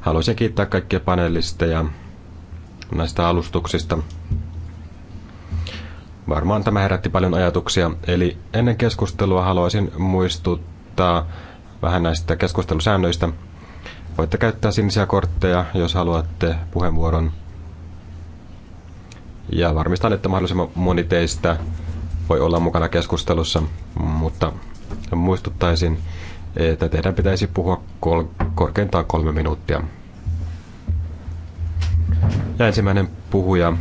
Speaker 2: Haluaisin kiittää kaikkia panelisteja näistä alustuksista. Varmaan tämä herätti paljon ajatuksia, eli ennen keskustelua haluaisin muistuttaa vähän näistä keskustelusäännöistä. Voitte käyttää sinisiä kortteja, jos haluatte puheenvuoron. Ja varmistan, että mahdollisimman moni teistä voi olla mukana keskustelussa, mutta muistuttaisin, että teidän pitäisi puhua kol- korkeintaan kolme minuuttia. Ja ensimmäinen puhuja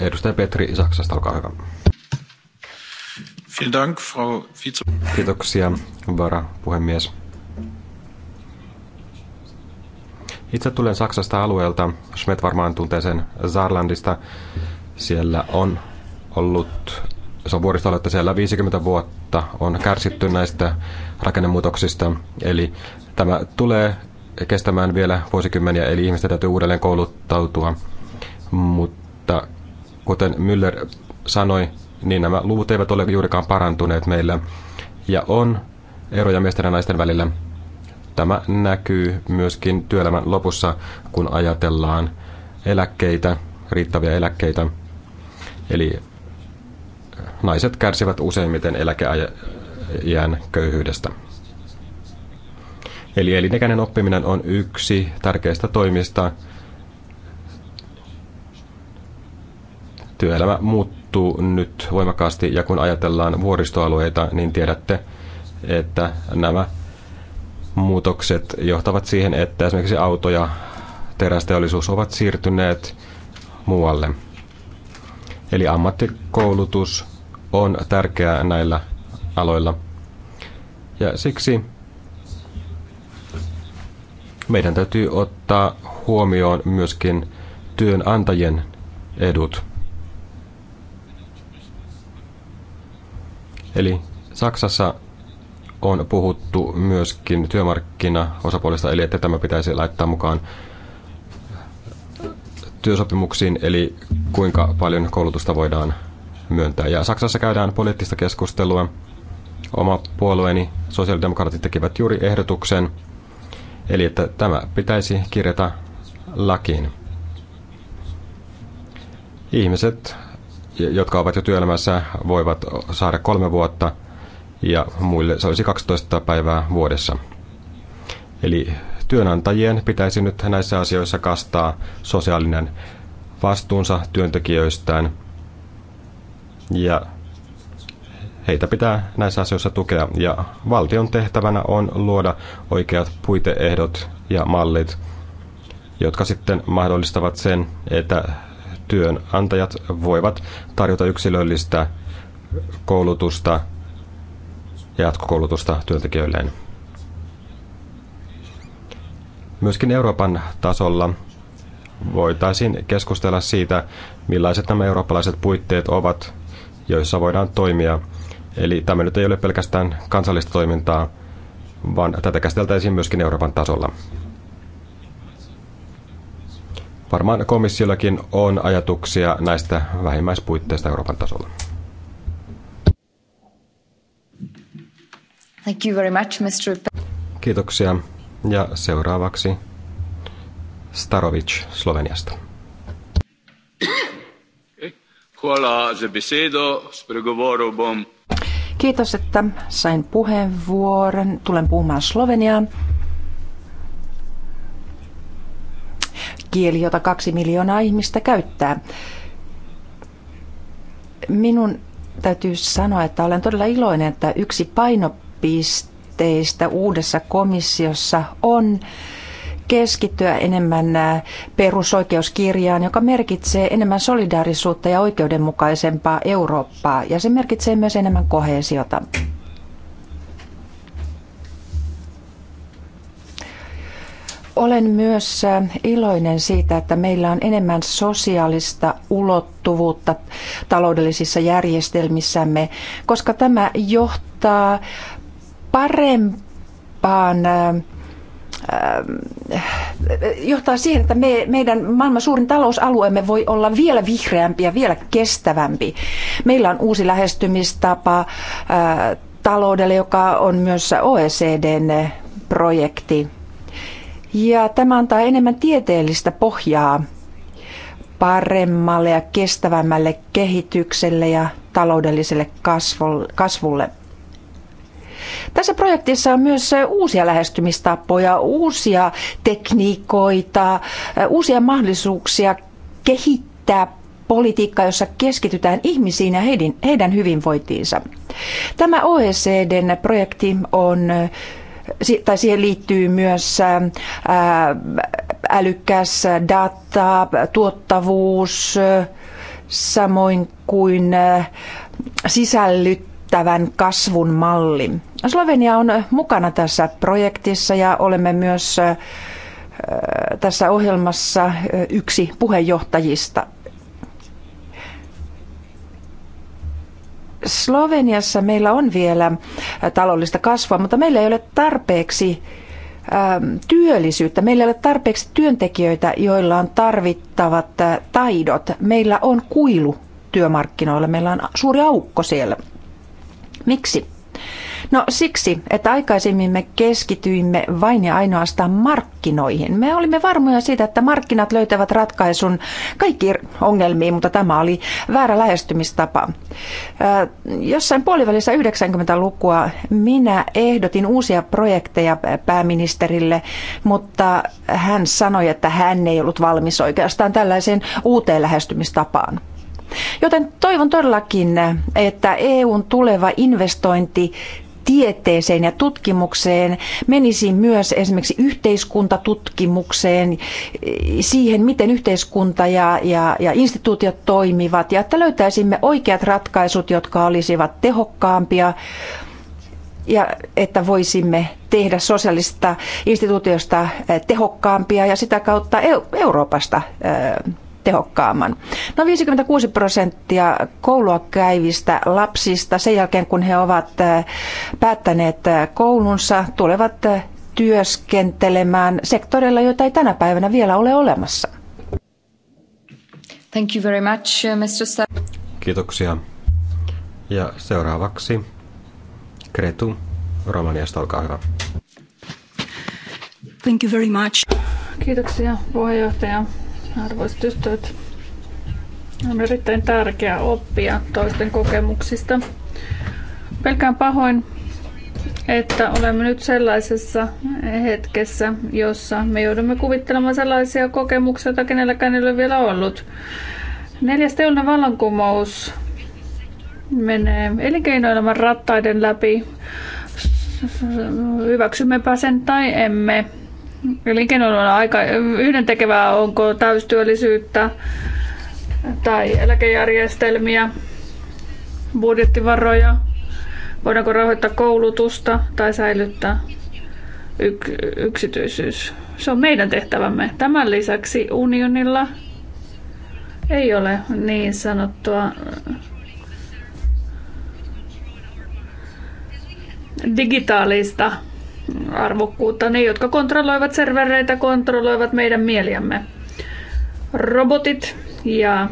Speaker 2: Edustaja Petri Saksasta, olkaa hyvä. Kiitoksia, vara puhemies. Itse tulen Saksasta alueelta. Schmidt varmaan tuntee sen Saarlandista. Siellä on ollut, se on vuodesta että siellä 50 vuotta on kärsitty näistä rakennemuutoksista. Eli tämä tulee kestämään vielä vuosikymmeniä, eli ihmisten täytyy uudelleen kouluttautua. Mutta Kuten Müller sanoi, niin nämä luvut eivät ole juurikaan parantuneet meillä. Ja on eroja miesten ja naisten välillä. Tämä näkyy myöskin työelämän lopussa, kun ajatellaan eläkkeitä, riittäviä eläkkeitä. Eli äh, naiset kärsivät useimmiten eläkeajan köyhyydestä. Eli elinikäinen oppiminen on yksi tärkeistä toimista, työelämä muuttuu nyt voimakkaasti ja kun ajatellaan vuoristoalueita, niin tiedätte, että nämä muutokset johtavat siihen, että esimerkiksi auto ja terästeollisuus ovat siirtyneet muualle. Eli ammattikoulutus on tärkeää näillä aloilla. Ja siksi meidän täytyy ottaa huomioon myöskin työnantajien edut. Eli Saksassa on puhuttu myöskin työmarkkinaosapuolista, eli että tämä pitäisi laittaa mukaan työsopimuksiin, eli kuinka paljon koulutusta voidaan myöntää. Ja Saksassa käydään poliittista keskustelua. Oma puolueeni, sosiaalidemokraatit, tekivät juuri ehdotuksen, eli että tämä pitäisi kirjata lakiin. Ihmiset jotka ovat jo työelämässä, voivat saada kolme vuotta ja muille se olisi 12 päivää vuodessa. Eli työnantajien pitäisi nyt näissä asioissa kastaa sosiaalinen vastuunsa työntekijöistään ja heitä pitää näissä asioissa tukea. Ja valtion tehtävänä on luoda oikeat puiteehdot ja mallit, jotka sitten mahdollistavat sen, että työnantajat voivat tarjota yksilöllistä koulutusta ja jatkokoulutusta työntekijöilleen. Myöskin Euroopan tasolla voitaisiin keskustella siitä, millaiset nämä eurooppalaiset puitteet ovat, joissa voidaan toimia. Eli tämä nyt ei ole pelkästään kansallista toimintaa, vaan tätä käsiteltäisiin myöskin Euroopan tasolla. Varmaan komissiollakin on ajatuksia näistä vähimmäispuitteista Euroopan tasolla.
Speaker 1: Thank you very much, Mr.
Speaker 2: Kiitoksia. Ja seuraavaksi Starovic Sloveniasta.
Speaker 3: Kiitos, että sain puheenvuoron. Tulen puhumaan Sloveniaa. kieli, jota kaksi miljoonaa ihmistä käyttää. Minun täytyy sanoa, että olen todella iloinen, että yksi painopisteistä uudessa komissiossa on keskittyä enemmän perusoikeuskirjaan, joka merkitsee enemmän solidaarisuutta ja oikeudenmukaisempaa Eurooppaa, ja se merkitsee myös enemmän kohesiota. Olen myös iloinen siitä, että meillä on enemmän sosiaalista ulottuvuutta taloudellisissa järjestelmissämme, koska tämä johtaa parempaan johtaa siihen, että me, meidän maailman suurin talousalueemme voi olla vielä vihreämpi ja vielä kestävämpi. Meillä on uusi lähestymistapa taloudelle, joka on myös OECDn projekti. Ja tämä antaa enemmän tieteellistä pohjaa paremmalle ja kestävämmälle kehitykselle ja taloudelliselle kasvulle. Tässä projektissa on myös uusia lähestymistapoja, uusia tekniikoita, uusia mahdollisuuksia kehittää politiikkaa, jossa keskitytään ihmisiin ja heidän, hyvinvointiinsa. Tämä OECDn projekti on tai siihen liittyy myös ähm, äh, älykäs data, tuottavuus, samoin kuin äh, sisällyttävän kasvun malli. Slovenia on mukana tässä projektissa ja olemme myös äh, tässä ohjelmassa yksi puheenjohtajista – Sloveniassa meillä on vielä äh, taloudellista kasvua, mutta meillä ei ole tarpeeksi ähm, työllisyyttä. Meillä ei ole tarpeeksi työntekijöitä, joilla on tarvittavat äh, taidot. Meillä on kuilu työmarkkinoilla, meillä on suuri aukko siellä. Miksi? No siksi, että aikaisemmin me keskityimme vain ja ainoastaan markkinoihin. Me olimme varmoja siitä, että markkinat löytävät ratkaisun kaikkiin ongelmiin, mutta tämä oli väärä lähestymistapa. Jossain puolivälissä 90-lukua minä ehdotin uusia projekteja pääministerille, mutta hän sanoi, että hän ei ollut valmis oikeastaan tällaiseen uuteen lähestymistapaan. Joten toivon todellakin, että EUn tuleva investointi tieteeseen ja tutkimukseen, menisi myös esimerkiksi yhteiskuntatutkimukseen, siihen miten yhteiskunta ja, ja, ja instituutiot toimivat ja että löytäisimme oikeat ratkaisut, jotka olisivat tehokkaampia ja että voisimme tehdä sosiaalista instituutiosta tehokkaampia ja sitä kautta Euroopasta tehokkaamman. No 56 prosenttia koulua käyvistä lapsista sen jälkeen, kun he ovat äh, päättäneet äh, koulunsa, tulevat äh, työskentelemään sektoreilla, joita ei tänä päivänä vielä ole olemassa. Thank
Speaker 1: you very much, uh, Mr.
Speaker 2: Kiitoksia. Ja seuraavaksi Kretu Romaniasta, olkaa hyvä.
Speaker 4: Thank you very much. Kiitoksia puheenjohtaja arvoisat ystävät. On erittäin tärkeää oppia toisten kokemuksista. Pelkään pahoin, että olemme nyt sellaisessa hetkessä, jossa me joudumme kuvittelemaan sellaisia kokemuksia, joita kenelläkään ei ole vielä ollut. Neljäs teollinen vallankumous menee elinkeinoelämän rattaiden läpi. Hyväksymmepä sen tai emme elinkeinolla on aika tekevää, onko täystyöllisyyttä tai eläkejärjestelmiä, budjettivaroja, voidaanko rahoittaa koulutusta tai säilyttää yksityisyys. Se on meidän tehtävämme. Tämän lisäksi unionilla ei ole niin sanottua digitaalista arvokkuutta. Ne, jotka kontrolloivat servereitä, kontrolloivat meidän mieliämme. Robotit ja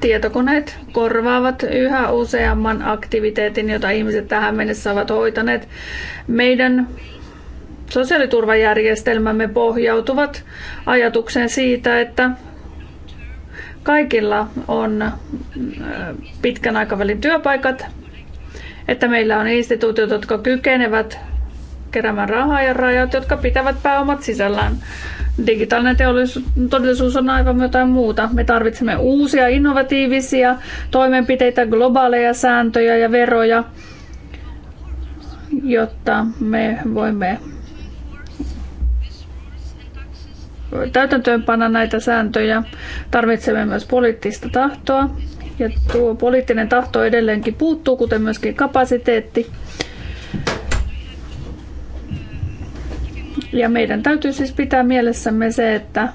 Speaker 4: tietokoneet korvaavat yhä useamman aktiviteetin, jota ihmiset tähän mennessä ovat hoitaneet. Meidän sosiaaliturvajärjestelmämme pohjautuvat ajatukseen siitä, että kaikilla on pitkän aikavälin työpaikat, että meillä on instituutiot, jotka kykenevät keräämään rahaa ja rajat, jotka pitävät pääomat sisällään. Digitaalinen todellisuus on aivan jotain muuta. Me tarvitsemme uusia innovatiivisia toimenpiteitä, globaaleja sääntöjä ja veroja, jotta me voimme täytäntöönpana näitä sääntöjä. Tarvitsemme myös poliittista tahtoa ja tuo poliittinen tahto edelleenkin puuttuu, kuten myöskin kapasiteetti. Ja meidän täytyy siis pitää mielessämme se, että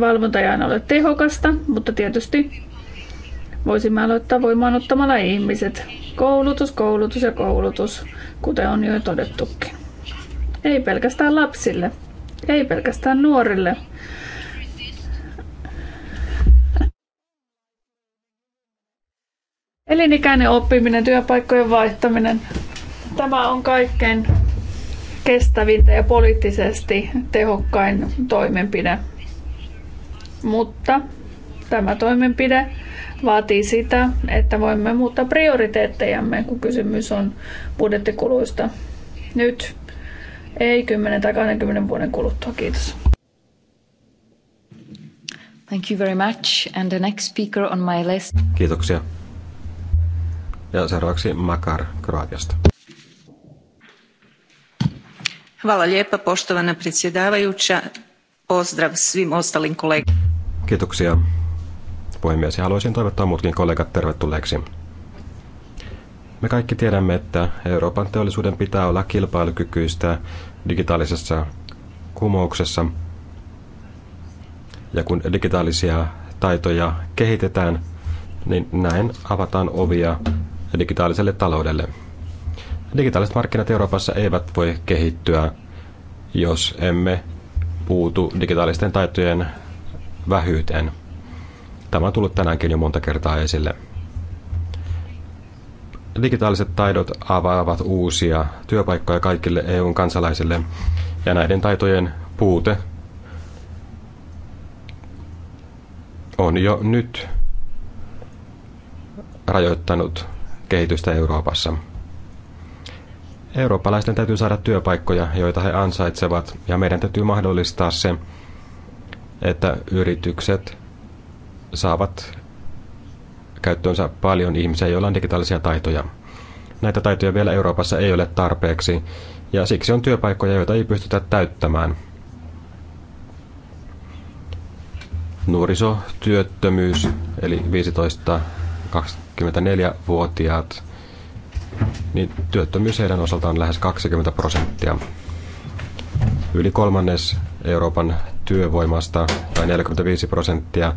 Speaker 4: valvonta ei aina ole tehokasta, mutta tietysti voisimme aloittaa voimaan ottamalla ihmiset. Koulutus, koulutus ja koulutus, kuten on jo todettukin. Ei pelkästään lapsille, ei pelkästään nuorille, Elinikäinen oppiminen, työpaikkojen vaihtaminen. Tämä on kaikkein kestävintä ja poliittisesti tehokkain toimenpide. Mutta tämä toimenpide vaatii sitä, että voimme muuttaa prioriteettejamme, kun kysymys on budjettikuluista.
Speaker 1: Nyt ei 10 tai 20 vuoden kuluttua. Kiitos. Thank you very much. And the next speaker on my list.
Speaker 2: Kiitoksia. Ja seuraavaksi Makar Kroatiasta.
Speaker 3: Hvala lijepa poštovana predsjedavajuća. Pozdrav svim ostalim kolegama.
Speaker 2: Kiitoksia puhemies ja haluaisin toivottaa muutkin kollegat tervetulleeksi. Me kaikki tiedämme, että Euroopan teollisuuden pitää olla kilpailukykyistä digitaalisessa kumouksessa. Ja kun digitaalisia taitoja kehitetään, niin näin avataan ovia digitaaliselle taloudelle. Digitaaliset markkinat Euroopassa eivät voi kehittyä, jos emme puutu digitaalisten taitojen vähyyteen. Tämä on tullut tänäänkin jo monta kertaa esille. Digitaaliset taidot avaavat uusia työpaikkoja kaikille EUn kansalaisille ja näiden taitojen puute on jo nyt rajoittanut kehitystä Euroopassa. Eurooppalaisten täytyy saada työpaikkoja, joita he ansaitsevat, ja meidän täytyy mahdollistaa se, että yritykset saavat käyttöönsä paljon ihmisiä, joilla on digitaalisia taitoja. Näitä taitoja vielä Euroopassa ei ole tarpeeksi, ja siksi on työpaikkoja, joita ei pystytä täyttämään. Nuorisotyöttömyys, eli 15 24-vuotiaat, niin työttömyys heidän osaltaan lähes 20 prosenttia. Yli kolmannes Euroopan työvoimasta tai 45 prosenttia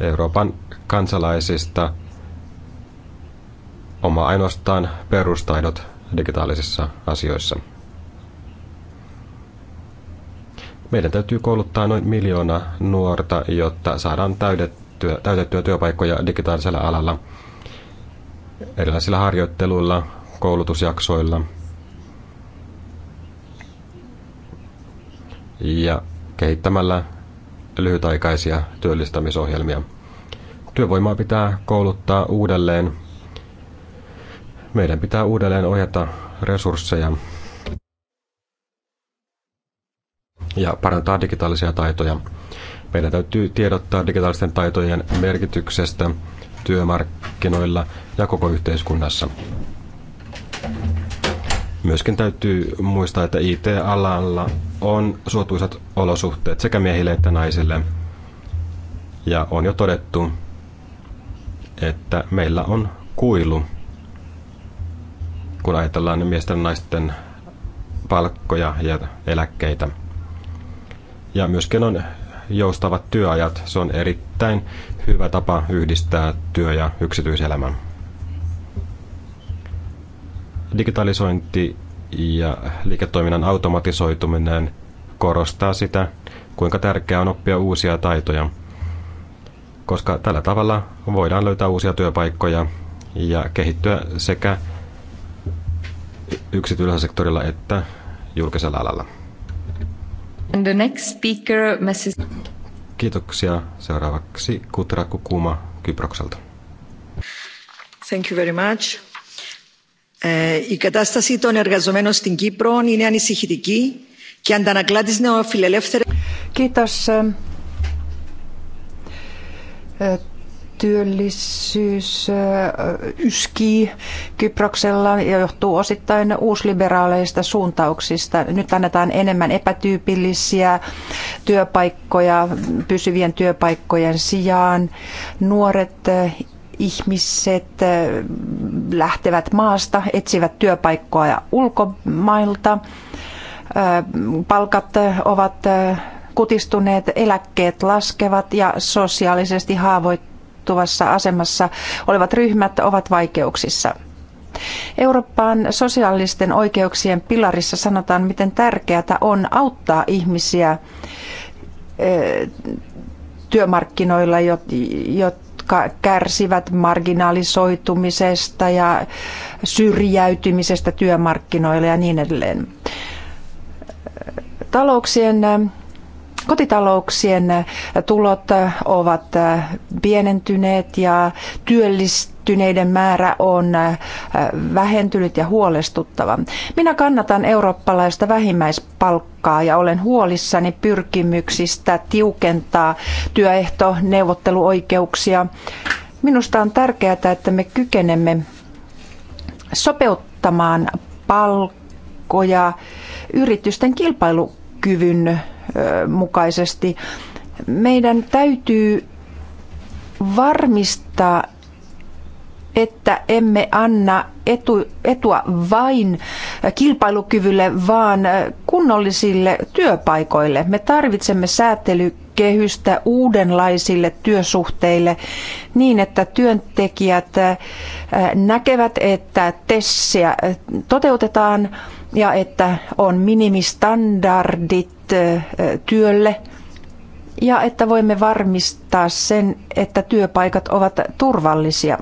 Speaker 2: Euroopan kansalaisista oma ainoastaan perustaidot digitaalisissa asioissa. Meidän täytyy kouluttaa noin miljoona nuorta, jotta saadaan täydet työ, täytettyä työpaikkoja digitaalisella alalla erilaisilla harjoitteluilla, koulutusjaksoilla. Ja kehittämällä lyhytaikaisia työllistämisohjelmia. Työvoimaa pitää kouluttaa uudelleen. Meidän pitää uudelleen ohjata resursseja ja parantaa digitaalisia taitoja. Meidän täytyy tiedottaa digitaalisten taitojen merkityksestä työmarkkinoilla ja koko yhteiskunnassa. Myöskin täytyy muistaa, että IT-alalla on suotuisat olosuhteet sekä miehille että naisille. Ja on jo todettu, että meillä on kuilu, kun ajatellaan miesten ja naisten palkkoja ja eläkkeitä. Ja myöskin on joustavat työajat. Se on erittäin hyvä tapa yhdistää työ- ja yksityiselämän. Digitalisointi ja liiketoiminnan automatisoituminen korostaa sitä, kuinka tärkeää on oppia uusia taitoja, koska tällä tavalla voidaan löytää uusia työpaikkoja ja kehittyä sekä yksityisellä sektorilla että julkisella alalla.
Speaker 1: The next speaker, Mrs.
Speaker 2: Kiitoksia. Seuraavaksi Kutra Kukuma Kyprokselta.
Speaker 3: Thank you very much. Η κατάσταση των εργαζομένων στην Κύπρο είναι ανησυχητική και αντανακλά τις νεοφιλελεύθερες... Kiitos työllisyys yskii Kyproksella ja johtuu osittain uusliberaaleista suuntauksista. Nyt annetaan enemmän epätyypillisiä työpaikkoja pysyvien työpaikkojen sijaan. Nuoret ihmiset lähtevät maasta, etsivät työpaikkoja ulkomailta. Palkat ovat kutistuneet, eläkkeet laskevat ja sosiaalisesti haavoittuvat haavoittuvassa asemassa olevat ryhmät ovat vaikeuksissa. Euroopan sosiaalisten oikeuksien pilarissa sanotaan, miten tärkeää on auttaa ihmisiä työmarkkinoilla, jotka kärsivät marginalisoitumisesta ja syrjäytymisestä työmarkkinoilla ja niin edelleen. Talouksien Kotitalouksien tulot ovat pienentyneet ja työllistyneiden määrä on vähentynyt ja huolestuttava. Minä kannatan eurooppalaista vähimmäispalkkaa ja olen huolissani pyrkimyksistä tiukentaa työehtoneuvotteluoikeuksia. Minusta on tärkeää, että me kykenemme sopeuttamaan palkkoja yritysten kilpailukyvyn mukaisesti. Meidän täytyy varmistaa, että emme anna etu, etua vain kilpailukyvylle, vaan kunnollisille työpaikoille. Me tarvitsemme säätelykehystä uudenlaisille työsuhteille niin, että työntekijät näkevät, että tessiä toteutetaan ja että on minimistandardit työlle ja että voimme varmistaa sen, että työpaikat ovat turvallisia.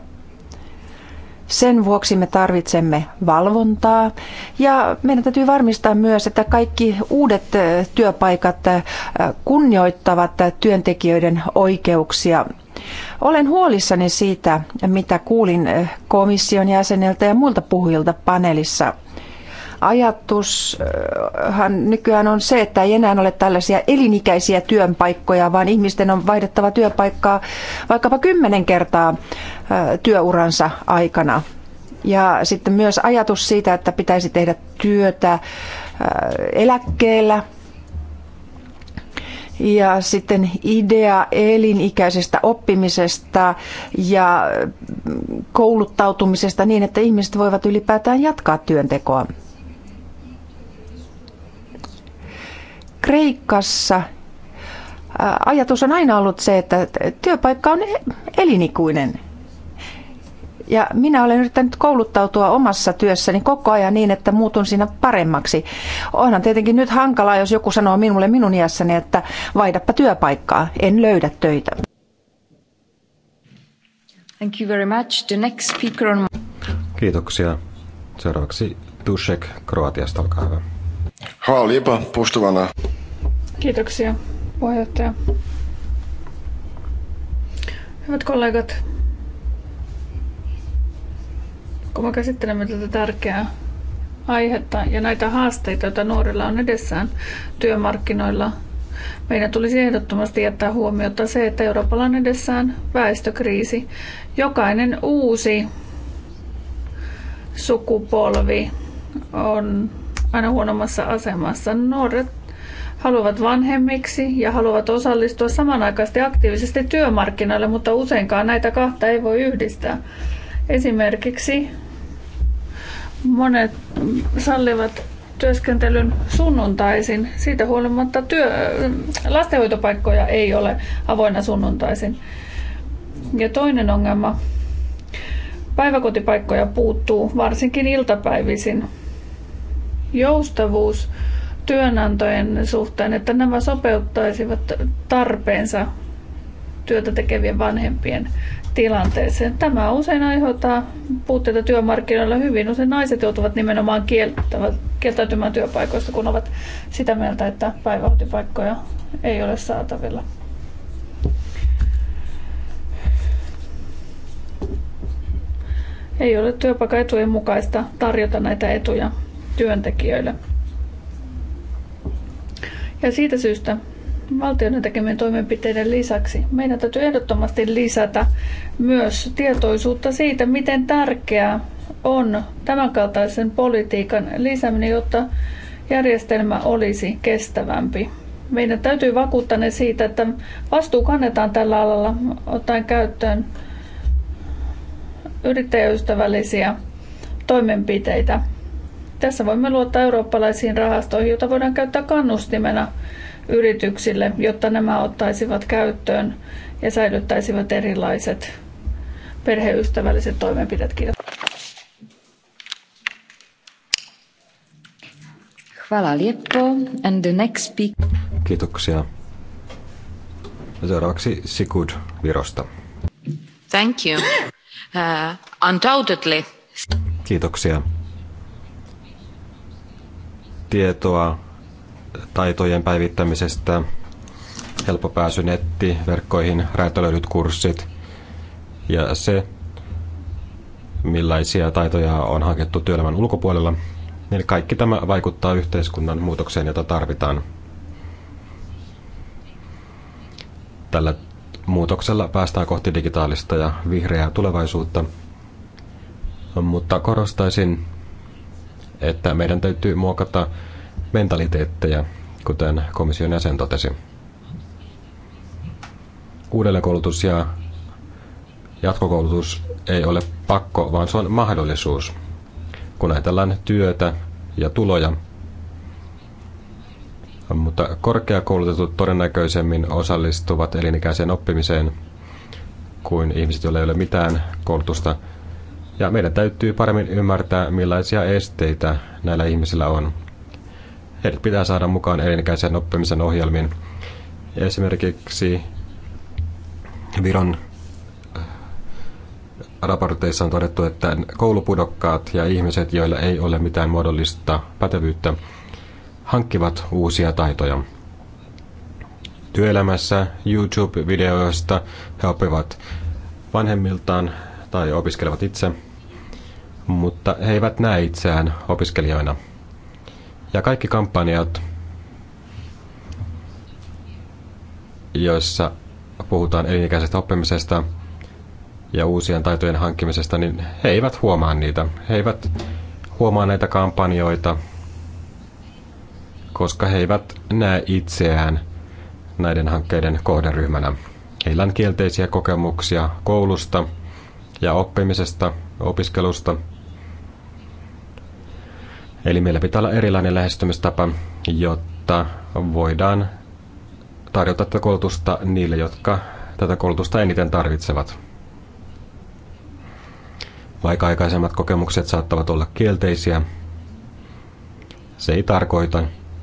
Speaker 3: Sen vuoksi me tarvitsemme valvontaa ja meidän täytyy varmistaa myös, että kaikki uudet työpaikat kunnioittavat työntekijöiden oikeuksia. Olen huolissani siitä, mitä kuulin komission jäseneltä ja muilta puhujilta paneelissa ajatushan nykyään on se, että ei enää ole tällaisia elinikäisiä työpaikkoja, vaan ihmisten on vaihdettava työpaikkaa vaikkapa kymmenen kertaa työuransa aikana. Ja sitten myös ajatus siitä, että pitäisi tehdä työtä eläkkeellä. Ja sitten idea elinikäisestä oppimisesta ja kouluttautumisesta niin, että ihmiset voivat ylipäätään jatkaa työntekoa. Kreikassa ajatus on aina ollut se, että työpaikka on e- elinikuinen. Ja minä olen yrittänyt kouluttautua omassa työssäni koko ajan niin, että muutun siinä paremmaksi. Onhan tietenkin nyt hankalaa, jos joku sanoo minulle minun iässäni, että vaihdappa työpaikkaa, en löydä töitä.
Speaker 1: Thank you very much. The next speaker on...
Speaker 2: Kiitoksia. Seuraavaksi Dušek Kroatiasta, olkaa hyvä. Hvala lijepa, poštovana.
Speaker 1: Kiitoksia,
Speaker 4: puheenjohtaja. Hyvät kollegat, kun me käsittelemme tätä tärkeää aihetta ja näitä haasteita, joita nuorilla on edessään työmarkkinoilla, meidän tulisi ehdottomasti jättää huomiota se, että Euroopalla on edessään väestökriisi. Jokainen uusi sukupolvi on aina huonommassa asemassa. Nuoret haluavat vanhemmiksi ja haluavat osallistua samanaikaisesti aktiivisesti työmarkkinoille, mutta useinkaan näitä kahta ei voi yhdistää. Esimerkiksi monet sallivat työskentelyn sunnuntaisin. Siitä huolimatta työ, lastenhoitopaikkoja ei ole avoinna sunnuntaisin. Ja toinen ongelma. Päiväkotipaikkoja puuttuu varsinkin iltapäivisin joustavuus työnantojen suhteen, että nämä sopeuttaisivat tarpeensa työtä tekevien vanhempien tilanteeseen. Tämä usein aiheuttaa puutteita työmarkkinoilla hyvin. Usein naiset joutuvat nimenomaan kieltäytymään työpaikoista, kun ovat sitä mieltä, että päivähoitopaikkoja ei ole saatavilla. Ei ole työpaikan etujen mukaista tarjota näitä etuja työntekijöille. Ja siitä syystä valtion tekemien toimenpiteiden lisäksi meidän täytyy ehdottomasti lisätä myös tietoisuutta siitä, miten tärkeää on tämänkaltaisen politiikan lisääminen, jotta järjestelmä olisi kestävämpi. Meidän täytyy vakuuttaa ne siitä, että vastuu kannetaan tällä alalla ottaen käyttöön yrittäjäystävällisiä toimenpiteitä – tässä voimme luottaa eurooppalaisiin rahastoihin, joita voidaan käyttää kannustimena yrityksille, jotta nämä ottaisivat käyttöön ja säilyttäisivät erilaiset perheystävälliset toimenpiteet. Kiitos.
Speaker 1: Hvala lijepo. And the next
Speaker 2: Kiitoksia. Seuraavaksi Sigurd Virosta.
Speaker 1: Thank you. Uh, undoubtedly.
Speaker 2: Kiitoksia tietoa taitojen päivittämisestä, helppo pääsy netti, verkkoihin, räätälöidyt kurssit ja se, millaisia taitoja on hankittu työelämän ulkopuolella. Eli kaikki tämä vaikuttaa yhteiskunnan muutokseen, jota tarvitaan. Tällä muutoksella päästään kohti digitaalista ja vihreää tulevaisuutta, mutta korostaisin että meidän täytyy muokata mentaliteetteja, kuten komission jäsen totesi. Uudelleenkoulutus ja jatkokoulutus ei ole pakko, vaan se on mahdollisuus. Kun ajatellaan työtä ja tuloja, mutta korkeakoulutetut todennäköisemmin osallistuvat elinikäiseen oppimiseen kuin ihmiset, joilla ei ole mitään koulutusta – ja meidän täytyy paremmin ymmärtää, millaisia esteitä näillä ihmisillä on. Heidät pitää saada mukaan elinikäisen oppimisen ohjelmiin. Esimerkiksi Viron äh, raporteissa on todettu, että koulupudokkaat ja ihmiset, joilla ei ole mitään muodollista pätevyyttä, hankkivat uusia taitoja. Työelämässä YouTube-videoista he oppivat vanhemmiltaan tai opiskelevat itse mutta he eivät näe itseään opiskelijoina. Ja kaikki kampanjat, joissa puhutaan elinikäisestä oppimisesta ja uusien taitojen hankkimisesta, niin he eivät huomaa niitä. He eivät huomaa näitä kampanjoita, koska he eivät näe itseään näiden hankkeiden kohderyhmänä. Heillä on kielteisiä kokemuksia koulusta ja oppimisesta, opiskelusta – Eli meillä pitää olla erilainen lähestymistapa, jotta voidaan tarjota tätä koulutusta niille, jotka tätä koulutusta eniten tarvitsevat. Vaikka aikaisemmat kokemukset saattavat olla kielteisiä, se ei tarkoita,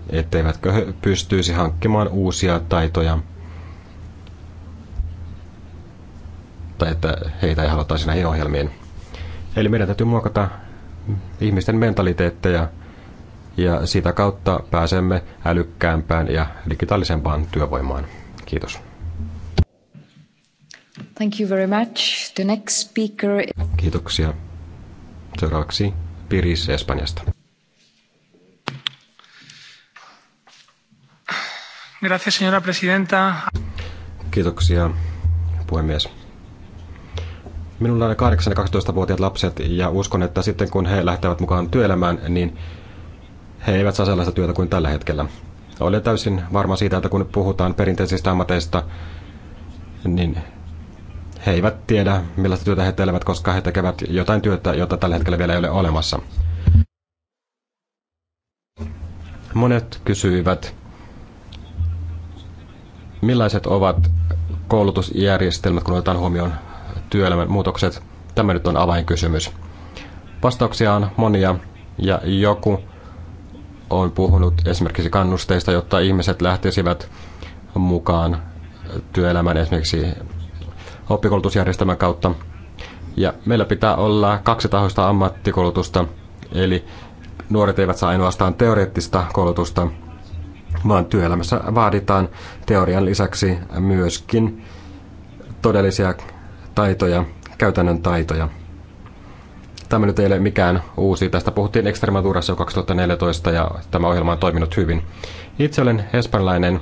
Speaker 2: etteivätkö he pystyisi hankkimaan uusia taitoja tai että heitä ei haluttaisi näihin ohjelmiin. Eli meidän täytyy muokata ihmisten mentaliteetteja ja sitä kautta pääsemme älykkäämpään ja digitaalisempaan työvoimaan. Kiitos.
Speaker 1: Thank you very much. The next speaker...
Speaker 2: Kiitoksia. Seuraavaksi Piris Espanjasta.
Speaker 1: Gracias, señora
Speaker 4: presidenta.
Speaker 2: Kiitoksia, puhemies. Minulla on 8-12-vuotiaat lapset ja uskon, että sitten kun he lähtevät mukaan työelämään, niin he eivät saa sellaista työtä kuin tällä hetkellä. Olen täysin varma siitä, että kun puhutaan perinteisistä ammateista, niin he eivät tiedä, millaista työtä he tekevät, koska he tekevät jotain työtä, jota tällä hetkellä vielä ei ole olemassa. Monet kysyivät, millaiset ovat koulutusjärjestelmät, kun otetaan huomioon työelämän muutokset? Tämä nyt on avainkysymys. Vastauksia on monia ja joku on puhunut esimerkiksi kannusteista, jotta ihmiset lähtisivät mukaan työelämän esimerkiksi oppikoulutusjärjestelmän kautta. Ja meillä pitää olla kaksi tahoista ammattikoulutusta, eli nuoret eivät saa ainoastaan teoreettista koulutusta, vaan työelämässä vaaditaan teorian lisäksi myöskin todellisia taitoja, käytännön taitoja. Tämä nyt ei ole mikään uusi. Tästä puhuttiin Extrematurassa jo 2014 ja tämä ohjelma on toiminut hyvin. Itse olen espanjalainen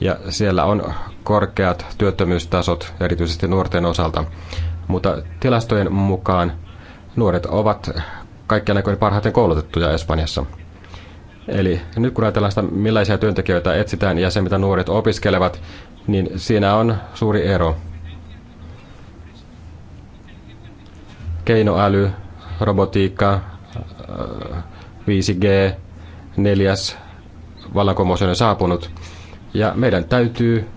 Speaker 2: ja siellä on korkeat työttömyystasot, erityisesti nuorten osalta. Mutta tilastojen mukaan nuoret ovat kaikkien näköinen parhaiten koulutettuja Espanjassa. Eli nyt kun ajatellaan sitä, millaisia työntekijöitä etsitään ja se, mitä nuoret opiskelevat, niin siinä on suuri ero. keinoäly, robotiikka, 5G, äh, neljäs vallankumous on saapunut. Ja meidän täytyy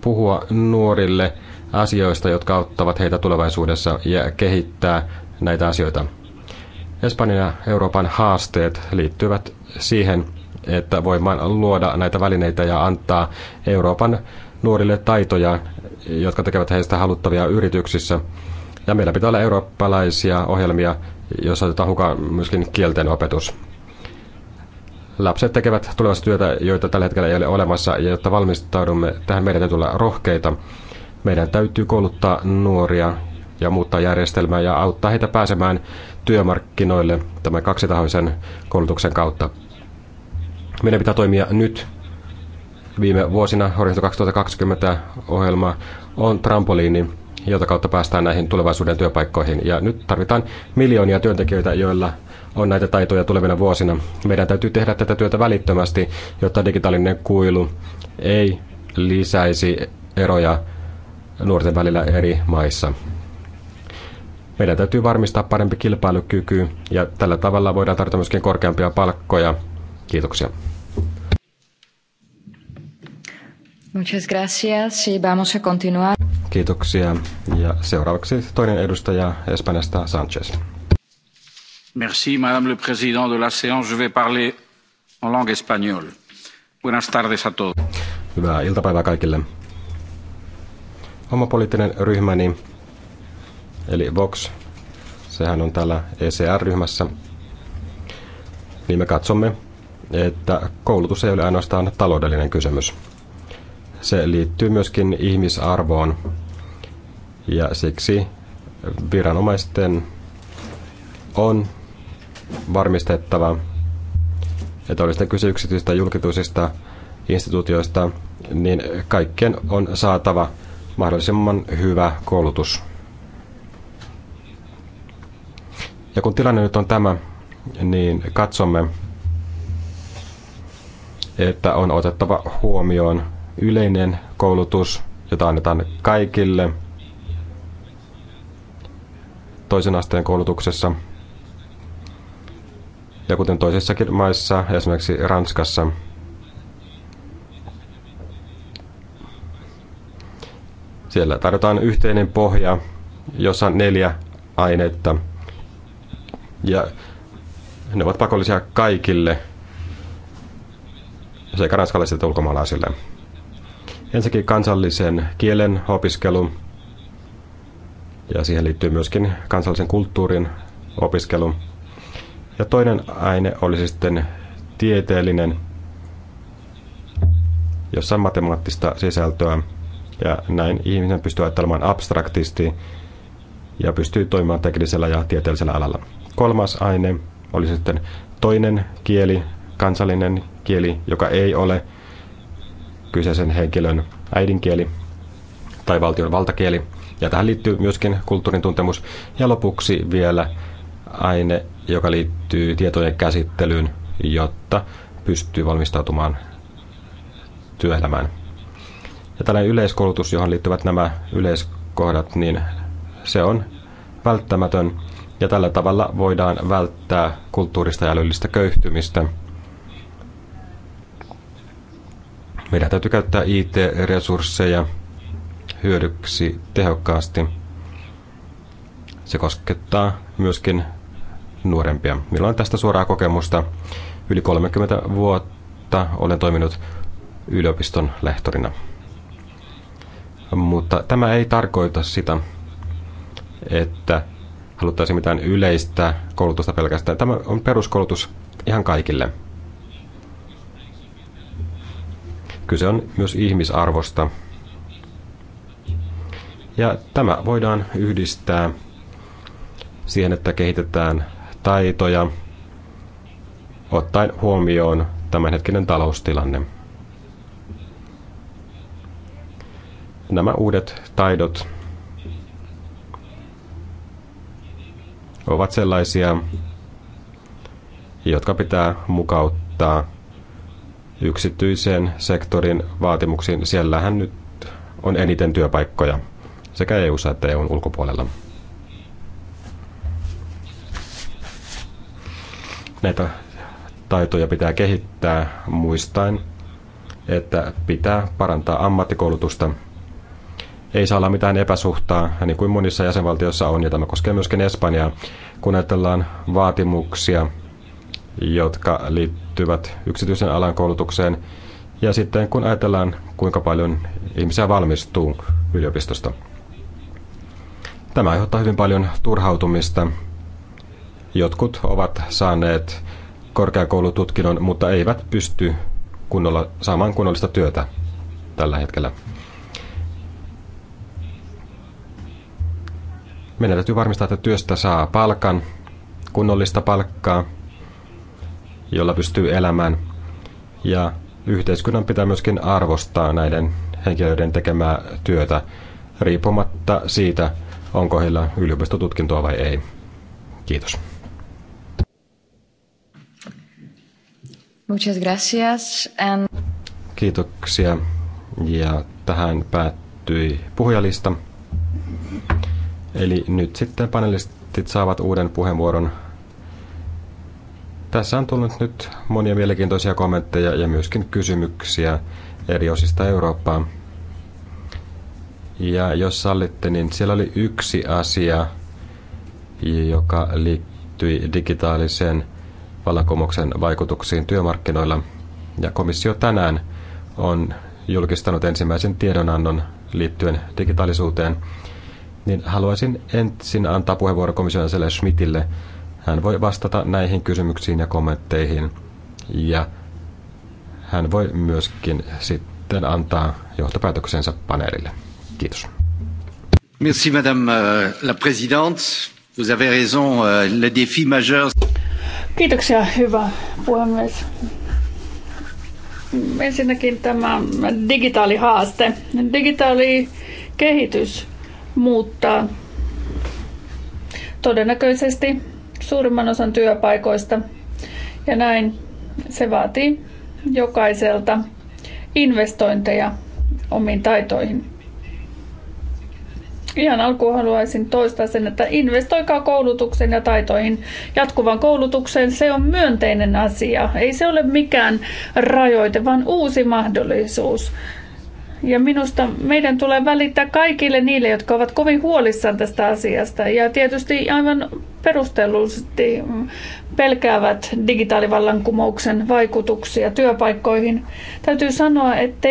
Speaker 2: puhua nuorille asioista, jotka auttavat heitä tulevaisuudessa ja kehittää näitä asioita. Espanjan ja Euroopan haasteet liittyvät siihen, että voimaan luoda näitä välineitä ja antaa Euroopan nuorille taitoja, jotka tekevät heistä haluttavia yrityksissä ja meillä pitää olla eurooppalaisia ohjelmia, joissa otetaan hukaan myöskin kielten opetus. Lapset tekevät tulevassa työtä, joita tällä hetkellä ei ole olemassa, ja jotta valmistaudumme tähän, meidän täytyy olla rohkeita. Meidän täytyy kouluttaa nuoria ja muuttaa järjestelmää ja auttaa heitä pääsemään työmarkkinoille tämän kaksitahoisen koulutuksen kautta. Meidän pitää toimia nyt. Viime vuosina Horizon 2020 ohjelma on trampoliini jota kautta päästään näihin tulevaisuuden työpaikkoihin. Ja nyt tarvitaan miljoonia työntekijöitä, joilla on näitä taitoja tulevina vuosina. Meidän täytyy tehdä tätä työtä välittömästi, jotta digitaalinen kuilu ei lisäisi eroja nuorten välillä eri maissa. Meidän täytyy varmistaa parempi kilpailukyky ja tällä tavalla voidaan tarjota myöskin korkeampia palkkoja. Kiitoksia.
Speaker 1: Muchas gracias y vamos a continuar.
Speaker 2: Kiitoksia. Ja seuraavaksi toinen edustaja Espanjasta Sanchez.
Speaker 1: Merci, Madame le Président de la séance.
Speaker 2: Je vais parler en langue espagnole. Buenas tardes a todos. Hyvää iltapäivää kaikille. Oma poliittinen ryhmäni, eli Vox, sehän on täällä ECR-ryhmässä, niin me katsomme, että koulutus ei ole ainoastaan taloudellinen kysymys. Se liittyy myöskin ihmisarvoon ja siksi viranomaisten on varmistettava, että olisi kyse yksityistä julkituisista instituutioista, niin kaikkien on saatava mahdollisimman hyvä koulutus. Ja kun tilanne nyt on tämä, niin katsomme, että on otettava huomioon yleinen koulutus, jota annetaan kaikille toisen asteen koulutuksessa. Ja kuten toisissakin maissa, esimerkiksi Ranskassa, siellä tarjotaan yhteinen pohja, jossa on neljä ainetta. Ja ne ovat pakollisia kaikille sekä ranskalaisille että ulkomaalaisille. Ensinnäkin kansallisen kielen opiskelu ja siihen liittyy myöskin kansallisen kulttuurin opiskelu. Ja toinen aine olisi sitten tieteellinen, jossa on matemaattista sisältöä ja näin ihminen pystyy ajattelemaan abstraktisti ja pystyy toimimaan teknisellä ja tieteellisellä alalla. Kolmas aine oli sitten toinen kieli, kansallinen kieli, joka ei ole kyseisen henkilön äidinkieli tai valtion valtakieli. Ja tähän liittyy myöskin kulttuurin tuntemus. Ja lopuksi vielä aine, joka liittyy tietojen käsittelyyn, jotta pystyy valmistautumaan työelämään. Ja tällainen yleiskoulutus, johon liittyvät nämä yleiskohdat, niin se on välttämätön ja tällä tavalla voidaan välttää kulttuurista ja älyllistä köyhtymistä – Meidän täytyy käyttää IT-resursseja hyödyksi tehokkaasti. Se koskettaa myöskin nuorempia. Minulla on tästä suoraa kokemusta. Yli 30 vuotta olen toiminut yliopiston lehtorina. Mutta tämä ei tarkoita sitä, että haluttaisiin mitään yleistä koulutusta pelkästään. Tämä on peruskoulutus ihan kaikille. Kyse on myös ihmisarvosta. Ja tämä voidaan yhdistää siihen, että kehitetään taitoja ottaen huomioon tämänhetkinen taloustilanne. Nämä uudet taidot ovat sellaisia, jotka pitää mukauttaa yksityisen sektorin vaatimuksiin. Siellähän nyt on eniten työpaikkoja sekä eu että EUn ulkopuolella. Näitä taitoja pitää kehittää muistaen, että pitää parantaa ammattikoulutusta. Ei saa olla mitään epäsuhtaa, niin kuin monissa jäsenvaltioissa on, ja tämä koskee myöskin Espanjaa. Kun ajatellaan vaatimuksia jotka liittyvät yksityisen alan koulutukseen. Ja sitten kun ajatellaan, kuinka paljon ihmisiä valmistuu yliopistosta. Tämä aiheuttaa hyvin paljon turhautumista. Jotkut ovat saaneet korkeakoulututkinnon, mutta eivät pysty kunnolla, saamaan kunnollista työtä tällä hetkellä. Meidän täytyy varmistaa, että työstä saa palkan, kunnollista palkkaa – jolla pystyy elämään. Ja yhteiskunnan pitää myöskin arvostaa näiden henkilöiden tekemää työtä riippumatta siitä, onko heillä yliopistotutkintoa vai ei. Kiitos.
Speaker 1: Muchas gracias. And...
Speaker 2: Kiitoksia. Ja tähän päättyi puhujalista. Eli nyt sitten panelistit saavat uuden puheenvuoron tässä on tullut nyt monia mielenkiintoisia kommentteja ja myöskin kysymyksiä eri osista Eurooppaa. Ja jos sallitte, niin siellä oli yksi asia, joka liittyi digitaaliseen vallankumouksen vaikutuksiin työmarkkinoilla. Ja komissio tänään on julkistanut ensimmäisen tiedonannon liittyen digitaalisuuteen. Niin haluaisin ensin antaa puheenvuoron komission Schmidtille, hän voi vastata näihin kysymyksiin ja kommentteihin ja hän voi myöskin sitten antaa johtopäätöksensä paneelille. Kiitos.
Speaker 1: Merci madame euh, la présidente. Vous avez raison, euh, le défi majeur.
Speaker 4: Kiitoksia, hyvä puhemies. Ensinnäkin tämä digitaalihaaste. Digitaali kehitys muuttaa todennäköisesti suurimman osan työpaikoista. Ja näin se vaatii jokaiselta investointeja omiin taitoihin. Ihan alkuun haluaisin toistaa sen, että investoikaa koulutukseen ja taitoihin. Jatkuvan koulutukseen se on myönteinen asia. Ei se ole mikään rajoite, vaan uusi mahdollisuus. Ja minusta meidän tulee välittää kaikille niille, jotka ovat kovin huolissaan tästä asiasta ja tietysti aivan perustellusti pelkäävät digitaalivallankumouksen vaikutuksia työpaikkoihin. Täytyy sanoa, että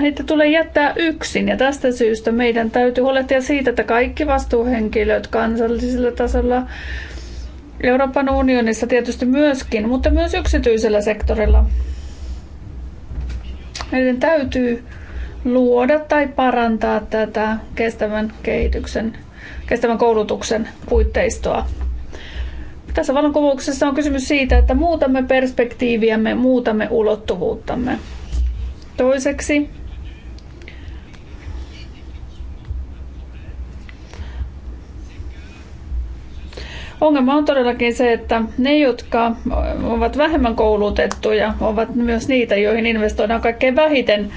Speaker 4: heitä tulee jättää yksin ja tästä syystä meidän täytyy huolehtia siitä, että kaikki vastuuhenkilöt kansallisella tasolla Euroopan unionissa tietysti myöskin, mutta myös yksityisellä sektorilla. Meidän täytyy luoda tai parantaa tätä kestävän kehityksen, kestävän koulutuksen puitteistoa. Tässä vallankumouksessa on kysymys siitä, että muutamme perspektiiviämme, muutamme ulottuvuuttamme. Toiseksi ongelma on todellakin se, että ne, jotka ovat vähemmän koulutettuja, ovat myös niitä, joihin investoidaan kaikkein vähiten.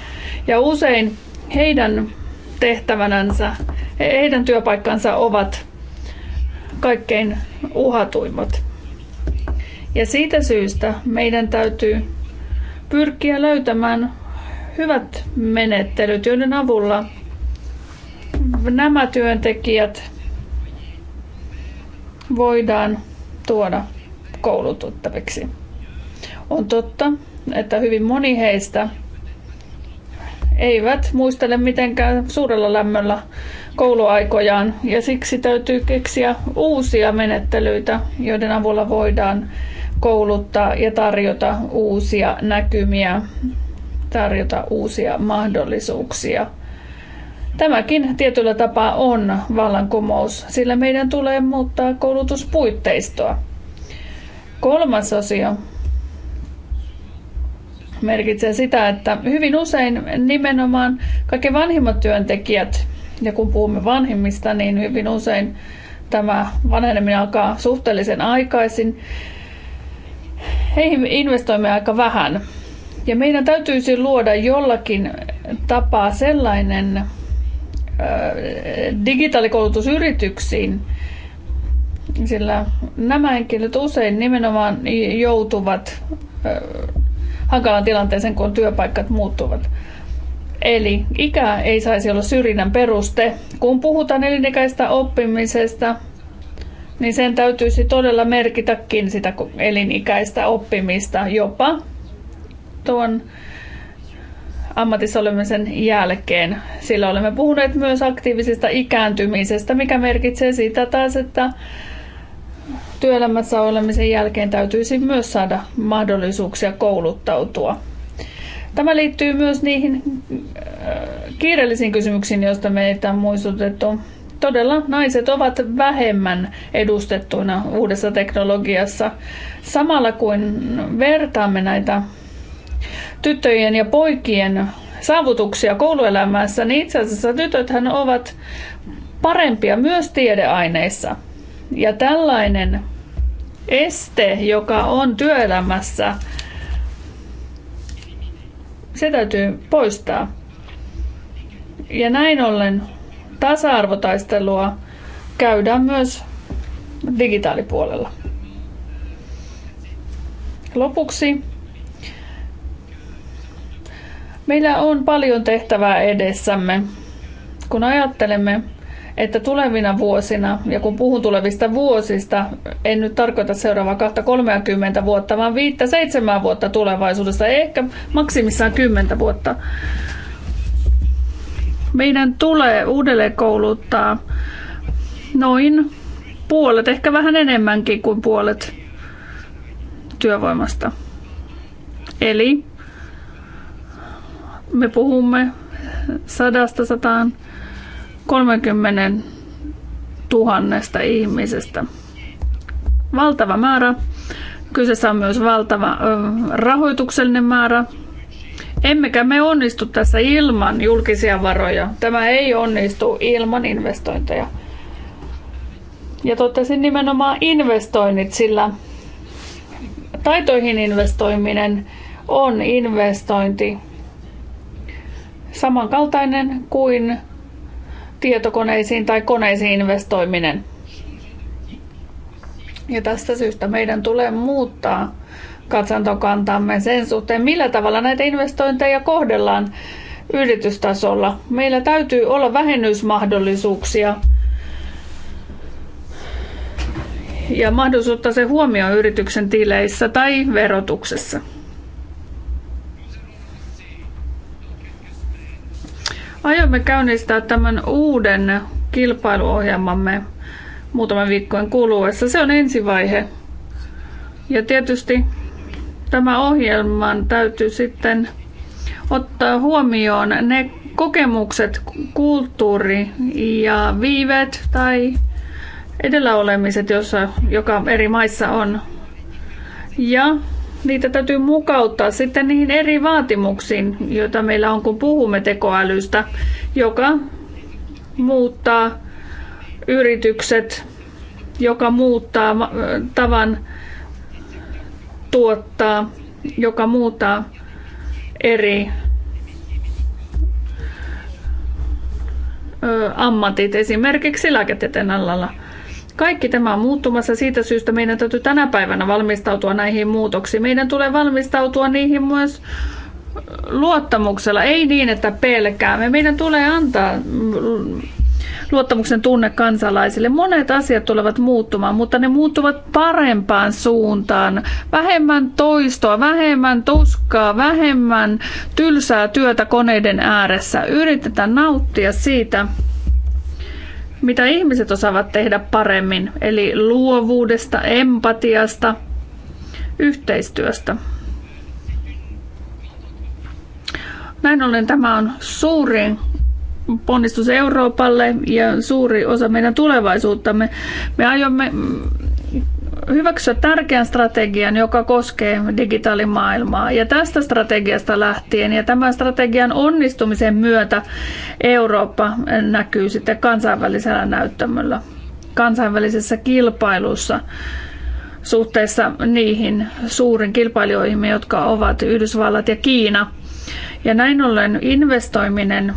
Speaker 4: Ja usein heidän tehtävänänsä, heidän työpaikkansa ovat kaikkein uhatuimmat. Ja siitä syystä meidän täytyy pyrkiä löytämään hyvät menettelyt, joiden avulla nämä työntekijät voidaan tuoda koulutettaviksi. On totta, että hyvin moni heistä eivät muistele mitenkään suurella lämmöllä kouluaikojaan ja siksi täytyy keksiä uusia menettelyitä, joiden avulla voidaan kouluttaa ja tarjota uusia näkymiä, tarjota uusia mahdollisuuksia. Tämäkin tietyllä tapaa on vallankumous, sillä meidän tulee muuttaa koulutuspuitteistoa. Kolmas osio merkitsee sitä, että hyvin usein nimenomaan kaikki vanhimmat työntekijät, ja kun puhumme vanhimmista, niin hyvin usein tämä vanheneminen alkaa suhteellisen aikaisin. Heihin investoimme aika vähän. Ja meidän täytyisi luoda jollakin tapaa sellainen digitaalikoulutusyrityksiin, sillä nämä henkilöt usein nimenomaan joutuvat hankalan tilanteeseen, kun työpaikat muuttuvat. Eli ikä ei saisi olla syrjinnän peruste. Kun puhutaan elinikäistä oppimisesta, niin sen täytyisi todella merkitäkin sitä elinikäistä oppimista jopa tuon ammatissa olemisen jälkeen. Sillä olemme puhuneet myös aktiivisesta ikääntymisestä, mikä merkitsee sitä taas, että työelämässä olemisen jälkeen täytyisi myös saada mahdollisuuksia kouluttautua. Tämä liittyy myös niihin äh, kiireellisiin kysymyksiin, joista meitä on muistutettu. Todella naiset ovat vähemmän edustettuina uudessa teknologiassa. Samalla kuin vertaamme näitä tyttöjen ja poikien saavutuksia kouluelämässä, niin itse asiassa tytöthän ovat parempia myös tiedeaineissa – ja tällainen este, joka on työelämässä, se täytyy poistaa. Ja näin ollen tasa-arvotaistelua käydään myös digitaalipuolella. Lopuksi meillä on paljon tehtävää edessämme, kun ajattelemme että tulevina vuosina, ja kun puhun tulevista vuosista, en nyt tarkoita seuraavaa 2-30 vuotta, vaan 5-7 vuotta tulevaisuudessa, ehkä maksimissaan 10 vuotta, meidän tulee uudelleen kouluttaa noin puolet, ehkä vähän enemmänkin kuin puolet työvoimasta. Eli me puhumme sadasta sataan 30 tuhannesta ihmisestä. Valtava määrä. Kyseessä on myös valtava rahoituksellinen määrä. Emmekä me onnistu tässä ilman julkisia varoja. Tämä ei onnistu ilman investointeja. Ja totesin nimenomaan investoinnit, sillä taitoihin investoiminen on investointi samankaltainen kuin tietokoneisiin tai koneisiin investoiminen. Ja tästä syystä meidän tulee muuttaa katsantokantamme sen suhteen, millä tavalla näitä investointeja kohdellaan yritystasolla. Meillä täytyy olla vähennysmahdollisuuksia ja mahdollisuutta se huomioon yrityksen tileissä tai verotuksessa. Aiomme käynnistää tämän uuden kilpailuohjelmamme muutaman viikkojen kuluessa. Se on ensivaihe. Ja tietysti tämä ohjelman täytyy sitten ottaa huomioon ne kokemukset, kulttuuri ja viiveet tai edellä olemiset, jossa, joka eri maissa on. Ja niitä täytyy mukauttaa sitten niihin eri vaatimuksiin, joita meillä on, kun puhumme tekoälystä, joka muuttaa yritykset, joka muuttaa tavan tuottaa, joka muuttaa eri ammatit, esimerkiksi lääketieteen alalla. Kaikki tämä on muuttumassa siitä syystä meidän täytyy tänä päivänä valmistautua näihin muutoksiin. Meidän tulee valmistautua niihin myös luottamuksella, ei niin, että pelkäämme. Meidän tulee antaa luottamuksen tunne kansalaisille. Monet asiat tulevat muuttumaan, mutta ne muuttuvat parempaan suuntaan. Vähemmän toistoa, vähemmän tuskaa, vähemmän tylsää työtä koneiden ääressä. Yritetään nauttia siitä, mitä ihmiset osaavat tehdä paremmin, eli luovuudesta, empatiasta, yhteistyöstä. Näin ollen tämä on suuri ponnistus Euroopalle ja suuri osa meidän tulevaisuuttamme. Me aiomme hyväksyä tärkeän strategian, joka koskee digitaalimaailmaa. Ja tästä strategiasta lähtien ja tämän strategian onnistumisen myötä Eurooppa näkyy sitten kansainvälisellä näyttämöllä, kansainvälisessä kilpailussa suhteessa niihin suurin kilpailijoihin, jotka ovat Yhdysvallat ja Kiina. Ja näin ollen investoiminen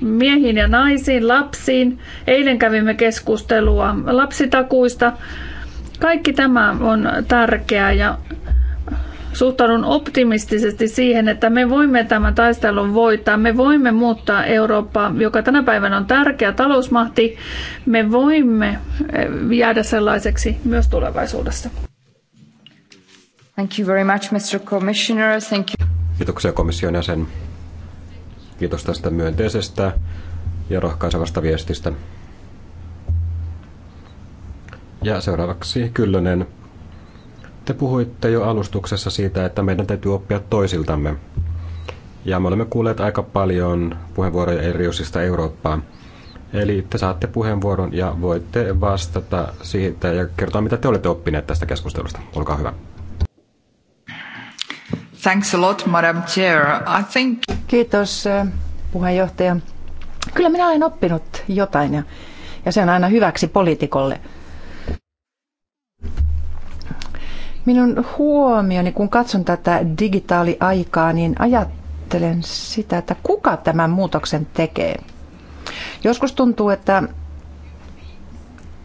Speaker 4: miehiin ja naisiin, lapsiin. Eilen kävimme keskustelua lapsitakuista. Kaikki tämä on tärkeää ja suhtaudun optimistisesti siihen, että me voimme tämän taistelun voittaa. Me voimme muuttaa Eurooppaa, joka tänä päivänä on tärkeä talousmahti. Me voimme eh, jäädä sellaiseksi myös tulevaisuudessa.
Speaker 1: Thank you very much, Mr. Commissioner. Thank you.
Speaker 2: Kiitoksia komission jäsen. Kiitos tästä myönteisestä ja rohkaisevasta viestistä. Ja seuraavaksi Kyllönen. Te puhuitte jo alustuksessa siitä, että meidän täytyy oppia toisiltamme. Ja me olemme kuulleet aika paljon puheenvuoroja eri osista Eurooppaa. Eli te saatte puheenvuoron ja voitte vastata siitä ja kertoa, mitä te olette oppineet tästä keskustelusta. Olkaa hyvä.
Speaker 3: Thanks a lot, Madam Chair. I think... Kiitos eh, puheenjohtaja. Kyllä minä olen oppinut jotain ja, ja se on aina hyväksi poliitikolle. Minun huomioni, kun katson tätä digitaaliaikaa, niin ajattelen sitä, että kuka tämän muutoksen tekee. Joskus tuntuu, että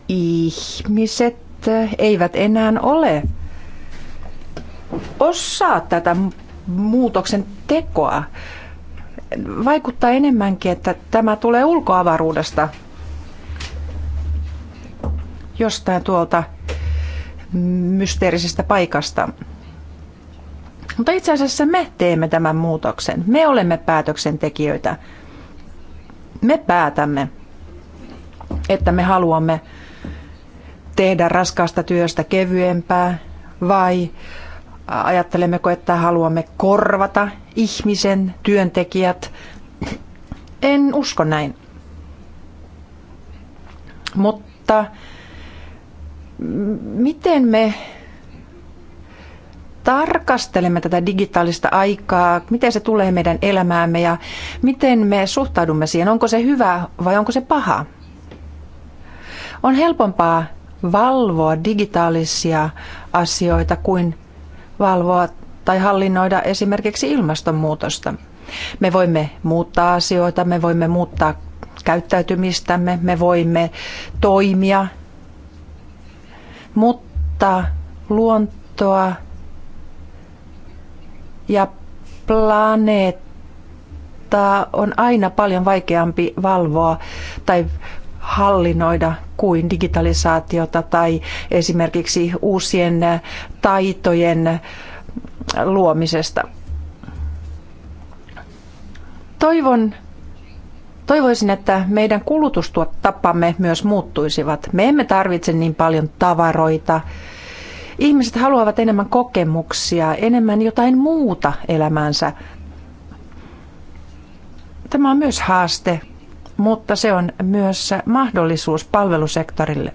Speaker 3: ihmiset eh, eivät enää ole osaa tätä muutoksen tekoa. Vaikuttaa enemmänkin, että tämä tulee ulkoavaruudesta jostain tuolta mysteerisestä paikasta. Mutta itse asiassa me teemme tämän muutoksen. Me olemme päätöksentekijöitä. Me päätämme, että me haluamme tehdä raskaasta työstä kevyempää vai Ajattelemmeko, että haluamme korvata ihmisen, työntekijät? En usko näin. Mutta miten me tarkastelemme tätä digitaalista aikaa, miten se tulee meidän elämäämme ja miten me suhtaudumme siihen, onko se hyvä vai onko se paha. On helpompaa valvoa digitaalisia asioita kuin valvoa tai hallinnoida esimerkiksi ilmastonmuutosta. Me voimme muuttaa asioita, me voimme muuttaa käyttäytymistämme, me voimme toimia, mutta luontoa ja planeettaa on aina paljon vaikeampi valvoa tai hallinnoida kuin digitalisaatiota tai esimerkiksi uusien äh, taitojen äh, luomisesta. Toivon, toivoisin, että meidän kulutustapamme myös muuttuisivat. Me emme tarvitse niin paljon tavaroita. Ihmiset haluavat enemmän kokemuksia, enemmän jotain muuta elämäänsä. Tämä on myös haaste mutta se on myös mahdollisuus palvelusektorille.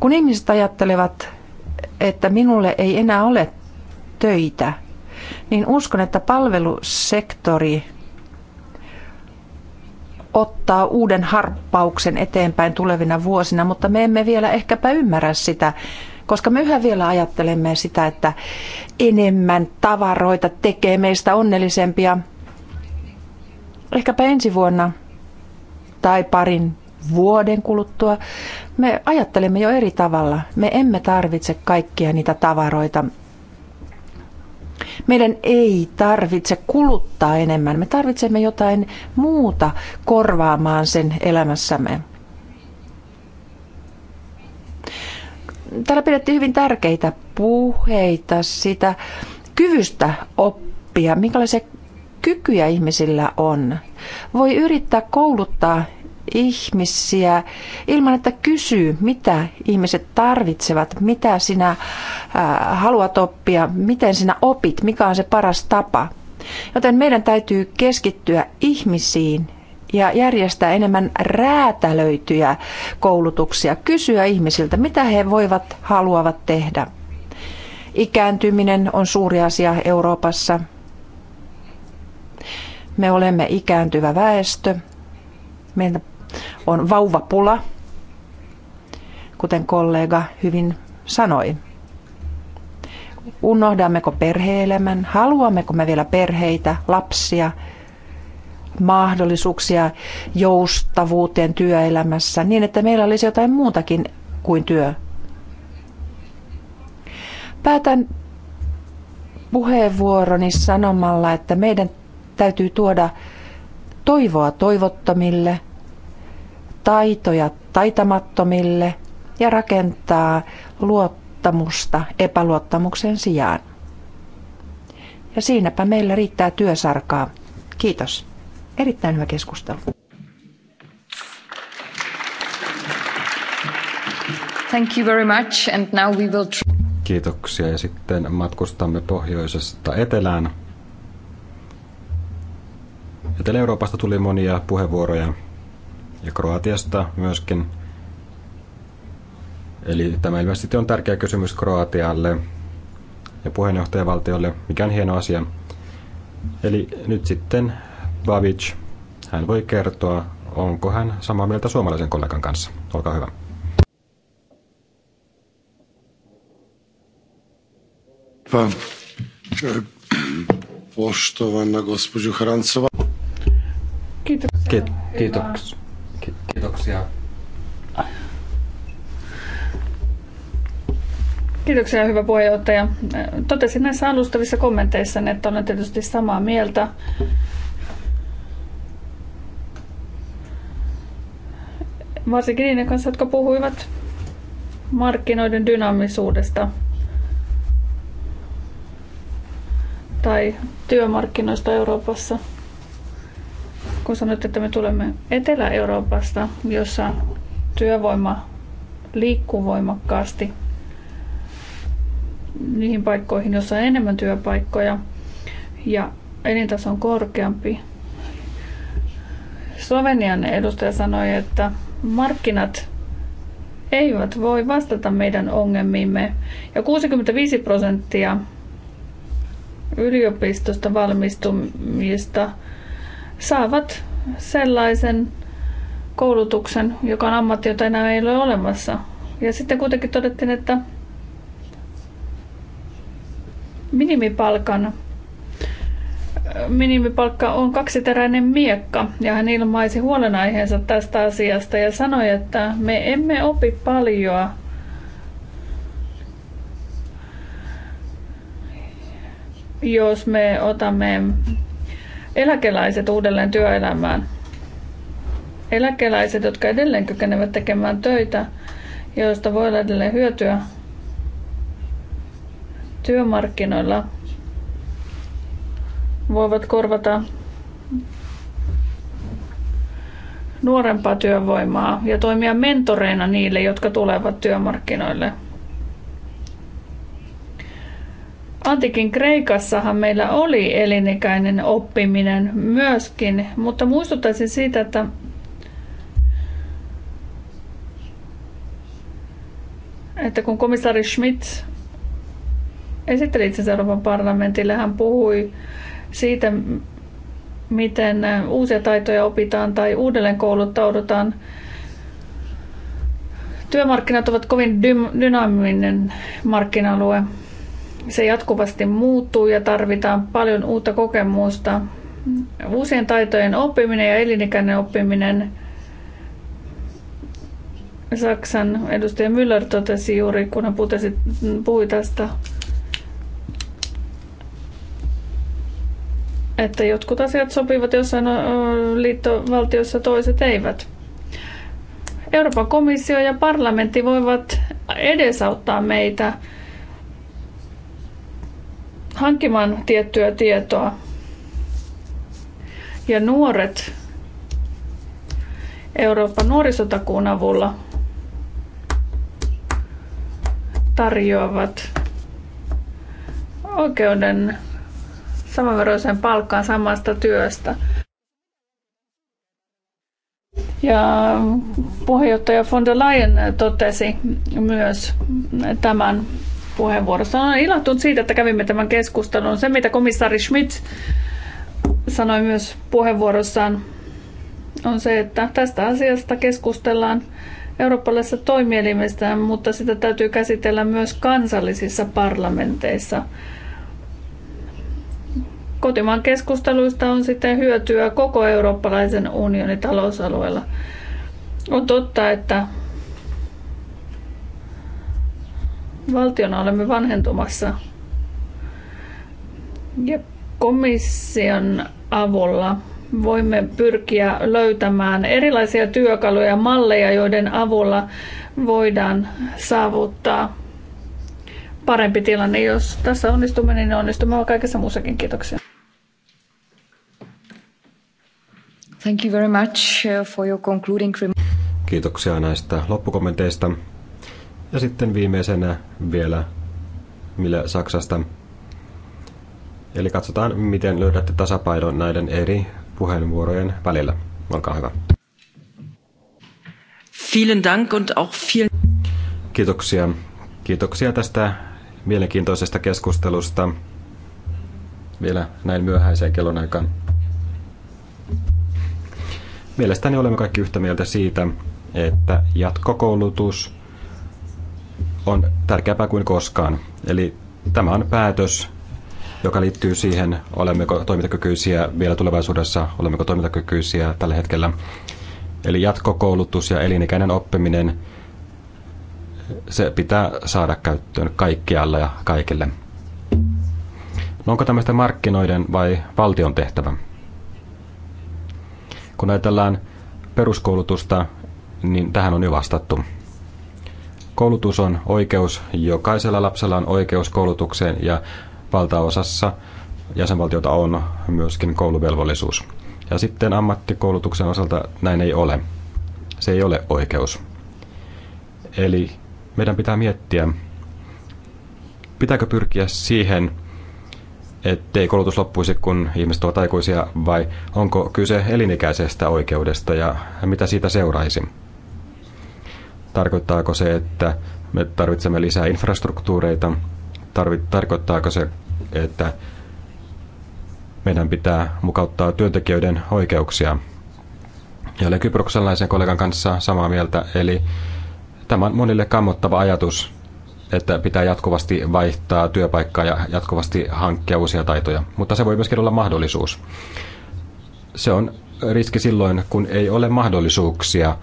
Speaker 3: Kun ihmiset ajattelevat, että minulle ei enää ole töitä, niin uskon, että palvelusektori ottaa uuden harppauksen eteenpäin tulevina vuosina, mutta me emme vielä ehkäpä ymmärrä sitä, koska me yhä vielä ajattelemme sitä, että enemmän tavaroita tekee meistä onnellisempia. Ehkäpä ensi vuonna tai parin vuoden kuluttua, me ajattelemme jo eri tavalla. Me emme tarvitse kaikkia niitä tavaroita. Meidän ei tarvitse kuluttaa enemmän. Me tarvitsemme jotain muuta korvaamaan sen elämässämme. Täällä pidettiin hyvin tärkeitä puheita sitä kyvystä oppia, minkälaisia kykyjä ihmisillä on. Voi yrittää kouluttaa ihmisiä ilman, että kysyy, mitä ihmiset tarvitsevat, mitä sinä haluat oppia, miten sinä opit, mikä on se paras tapa. Joten meidän täytyy keskittyä ihmisiin ja järjestää enemmän räätälöityjä koulutuksia, kysyä ihmisiltä, mitä he voivat, haluavat tehdä. Ikääntyminen on suuri asia Euroopassa. Me olemme ikääntyvä väestö. Meillä on vauvapula, kuten kollega hyvin sanoi. Unohdammeko perheelämän? Haluammeko me vielä perheitä, lapsia, mahdollisuuksia joustavuuteen työelämässä niin, että meillä olisi jotain muutakin kuin työ? Päätän puheenvuoroni sanomalla, että meidän täytyy tuoda toivoa toivottomille, taitoja taitamattomille ja rakentaa luottamusta epäluottamuksen sijaan. Ja siinäpä meillä riittää työsarkaa. Kiitos. Erittäin hyvä keskustelu.
Speaker 1: Thank you very much and now we will
Speaker 2: Kiitoksia ja sitten matkustamme pohjoisesta etelään Etelä-Euroopasta tuli monia puheenvuoroja ja Kroatiasta myöskin. Eli tämä ilmeisesti on tärkeä kysymys Kroatialle ja puheenjohtajavaltiolle, mikä on hieno asia. Eli nyt sitten Babic, hän voi kertoa, onko hän samaa mieltä suomalaisen kollegan kanssa. Olkaa hyvä. Pa, poštovana gospođo Hrancova. Kiitoksia. Kiitoksia.
Speaker 4: Kiitoksia, hyvä puheenjohtaja. Totesin näissä alustavissa kommenteissa, että olen tietysti samaa mieltä. Varsinkin niiden kanssa, jotka puhuivat markkinoiden dynaamisuudesta tai työmarkkinoista Euroopassa – kun sanoit, että me tulemme Etelä-Euroopasta, jossa työvoima liikkuu voimakkaasti niihin paikkoihin, joissa on enemmän työpaikkoja ja elintaso on korkeampi. Slovenian edustaja sanoi, että markkinat eivät voi vastata meidän ongelmiimme ja 65 prosenttia yliopistosta valmistumista – saavat sellaisen koulutuksen, joka on ammatti, jota enää ei ole olemassa. Ja sitten kuitenkin todettiin, että minimipalkan minimipalkka on kaksiteräinen miekka ja hän ilmaisi huolenaiheensa tästä asiasta ja sanoi, että me emme opi paljoa jos me otamme Eläkeläiset uudelleen työelämään. Eläkeläiset, jotka edelleen kykenevät tekemään töitä, joista voi olla edelleen hyötyä työmarkkinoilla, voivat korvata nuorempaa työvoimaa ja toimia mentoreina niille, jotka tulevat työmarkkinoille – Antikin Kreikassahan meillä oli elinikäinen oppiminen myöskin, mutta muistuttaisin siitä, että että kun komissaari Schmidt esitteli itsensä Euroopan parlamentille, hän puhui siitä, miten uusia taitoja opitaan tai uudelleen kouluttaudutaan. Työmarkkinat ovat kovin dynaaminen markkina-alue se jatkuvasti muuttuu ja tarvitaan paljon uutta kokemusta. Uusien taitojen oppiminen ja elinikäinen oppiminen. Saksan edustaja Müller totesi juuri, kun hän puhui tästä, että jotkut asiat sopivat jossain liittovaltiossa, toiset eivät. Euroopan komissio ja parlamentti voivat edesauttaa meitä hankkimaan tiettyä tietoa. Ja nuoret Euroopan nuorisotakuun avulla tarjoavat oikeuden samanveroiseen palkkaan samasta työstä. Ja puheenjohtaja von der Leyen totesi myös tämän puheenvuorossa. Olen ilahtunut siitä, että kävimme tämän keskustelun. Se, mitä komissaari Schmidt sanoi myös puheenvuorossaan, on se, että tästä asiasta keskustellaan eurooppalaisessa toimielimessä, mutta sitä täytyy käsitellä myös kansallisissa parlamenteissa. Kotimaan keskusteluista on sitten hyötyä koko eurooppalaisen unionin talousalueella. On totta, että Valtiona olemme vanhentumassa ja komission avulla voimme pyrkiä löytämään erilaisia työkaluja ja malleja, joiden avulla voidaan saavuttaa parempi tilanne. Jos
Speaker 1: tässä onnistumme, niin onnistumme kaikessa muussakin. Kiitoksia. Thank you very much uh, for your concluding
Speaker 2: Kiitoksia näistä loppukommenteista. Ja sitten viimeisenä vielä Mille Saksasta. Eli katsotaan, miten löydätte tasapainon näiden eri puheenvuorojen välillä. Olkaa hyvä. Vielen Dank und auch viel... Kiitoksia. Kiitoksia tästä mielenkiintoisesta keskustelusta vielä näin myöhäiseen kellon aikaan. Mielestäni olemme kaikki yhtä mieltä siitä, että jatkokoulutus on tärkeämpää kuin koskaan. Eli tämä on päätös, joka liittyy siihen, olemmeko toimintakykyisiä vielä tulevaisuudessa, olemmeko toimintakykyisiä tällä hetkellä. Eli jatkokoulutus ja elinikäinen oppiminen, se pitää saada käyttöön kaikkialla ja kaikille. No onko tämmöistä markkinoiden vai valtion tehtävä? Kun ajatellaan peruskoulutusta, niin tähän on jo vastattu. Koulutus on oikeus. Jokaisella lapsella on oikeus koulutukseen ja valtaosassa jäsenvaltiota on myöskin kouluvelvollisuus. Ja sitten ammattikoulutuksen osalta näin ei ole. Se ei ole oikeus. Eli meidän pitää miettiä, pitääkö pyrkiä siihen, ettei koulutus loppuisi, kun ihmiset ovat aikuisia, vai onko kyse elinikäisestä oikeudesta ja mitä siitä seuraisi. Tarkoittaako se, että me tarvitsemme lisää infrastruktuureita? Tarvi, tarkoittaako se, että meidän pitää mukauttaa työntekijöiden oikeuksia? Ja olen kyproksalaisen kollegan kanssa samaa mieltä, eli tämä on monille kammottava ajatus, että pitää jatkuvasti vaihtaa työpaikkaa ja jatkuvasti hankkia uusia taitoja. Mutta se voi myöskin olla mahdollisuus. Se on riski silloin, kun ei ole mahdollisuuksia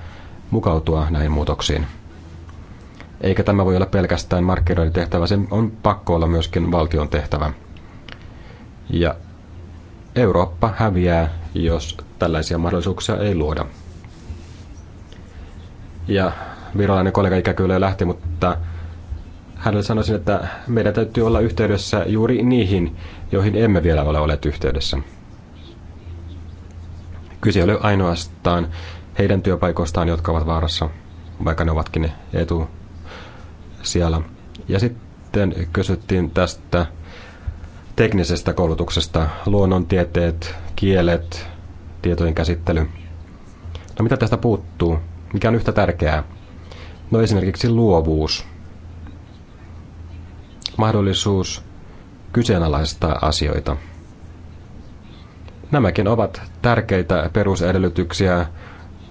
Speaker 2: mukautua näihin muutoksiin. Eikä tämä voi olla pelkästään markkinoiden tehtävä, sen on pakko olla myöskin valtion tehtävä. Ja Eurooppa häviää, jos tällaisia mahdollisuuksia ei luoda. Ja virolainen kollega ikä kyllä lähti, mutta hänelle sanoisin, että meidän täytyy olla yhteydessä juuri niihin, joihin emme vielä ole olleet yhteydessä. Kyse ei ole ainoastaan heidän työpaikoistaan, jotka ovat vaarassa, vaikka ne ovatkin etu siellä. Ja sitten kysyttiin tästä teknisestä koulutuksesta, luonnontieteet, kielet, tietojen käsittely. No mitä tästä puuttuu? Mikä on yhtä tärkeää? No esimerkiksi luovuus. Mahdollisuus kyseenalaistaa asioita. Nämäkin ovat tärkeitä perusedellytyksiä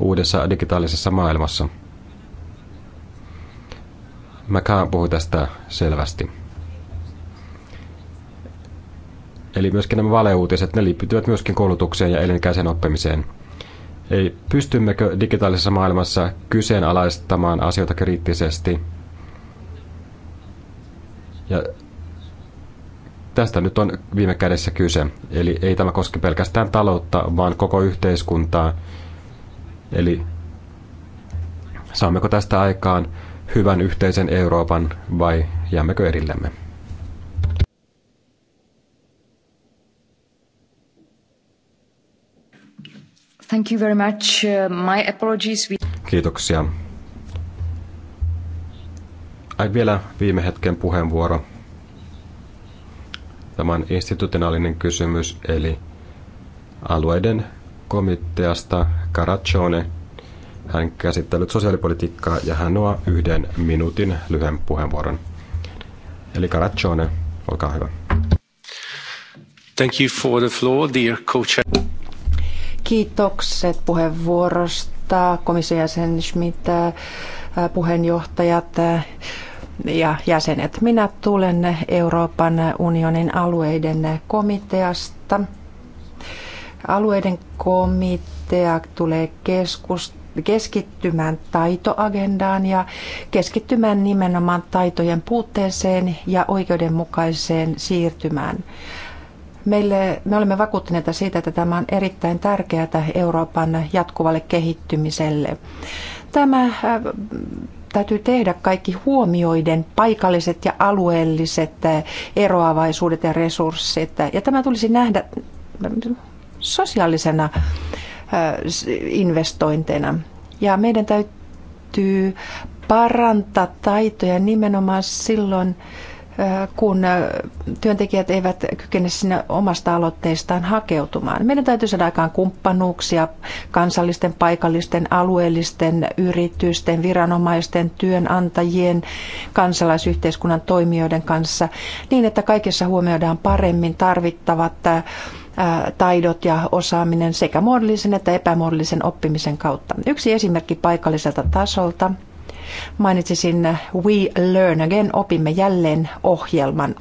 Speaker 2: uudessa digitaalisessa maailmassa. Mäkään puhui tästä selvästi. Eli myöskin nämä valeuutiset, ne liittyvät myöskin koulutukseen ja elinikäiseen oppimiseen. Ei pystymmekö digitaalisessa maailmassa kyseenalaistamaan asioita kriittisesti? Ja tästä nyt on viime kädessä kyse. Eli ei tämä koske pelkästään taloutta, vaan koko yhteiskuntaa Eli saammeko tästä aikaan hyvän yhteisen Euroopan vai jäämmekö erillemme?
Speaker 1: Thank you very much. Uh, my apologies.
Speaker 2: Kiitoksia. Ai vielä viime hetken puheenvuoro. Tämä on institutionaalinen kysymys, eli alueiden komiteasta Caraccione. Hän käsittelyt sosiaalipolitiikkaa ja hän on yhden minuutin lyhyen puheenvuoron. Eli Caraccione, olkaa hyvä.
Speaker 1: Thank you for the floor, dear co
Speaker 3: Kiitokset puheenvuorosta, komission jäsen Schmidt, äh, puheenjohtajat äh, ja jäsenet. Minä tulen Euroopan unionin alueiden komiteasta Alueiden komitea tulee keskustelemaan keskittymään taitoagendaan ja keskittymään nimenomaan taitojen puutteeseen ja oikeudenmukaiseen siirtymään. Meille, me olemme vakuuttuneita siitä, että tämä on erittäin tärkeää Euroopan jatkuvalle kehittymiselle. Tämä äh, täytyy tehdä kaikki huomioiden paikalliset ja alueelliset äh, eroavaisuudet ja resurssit. Ja tämä tulisi nähdä sosiaalisena investointeina. Ja meidän täytyy parantaa taitoja nimenomaan silloin, kun työntekijät eivät kykene sinne omasta aloitteestaan hakeutumaan. Meidän täytyy saada aikaan kumppanuuksia kansallisten, paikallisten, alueellisten yritysten, viranomaisten, työnantajien, kansalaisyhteiskunnan toimijoiden kanssa niin, että kaikessa huomioidaan paremmin tarvittavat taidot ja osaaminen sekä muodollisen että epämuodollisen oppimisen kautta. Yksi esimerkki paikalliselta tasolta Mainitsisin We Learn Again, opimme jälleen ohjelman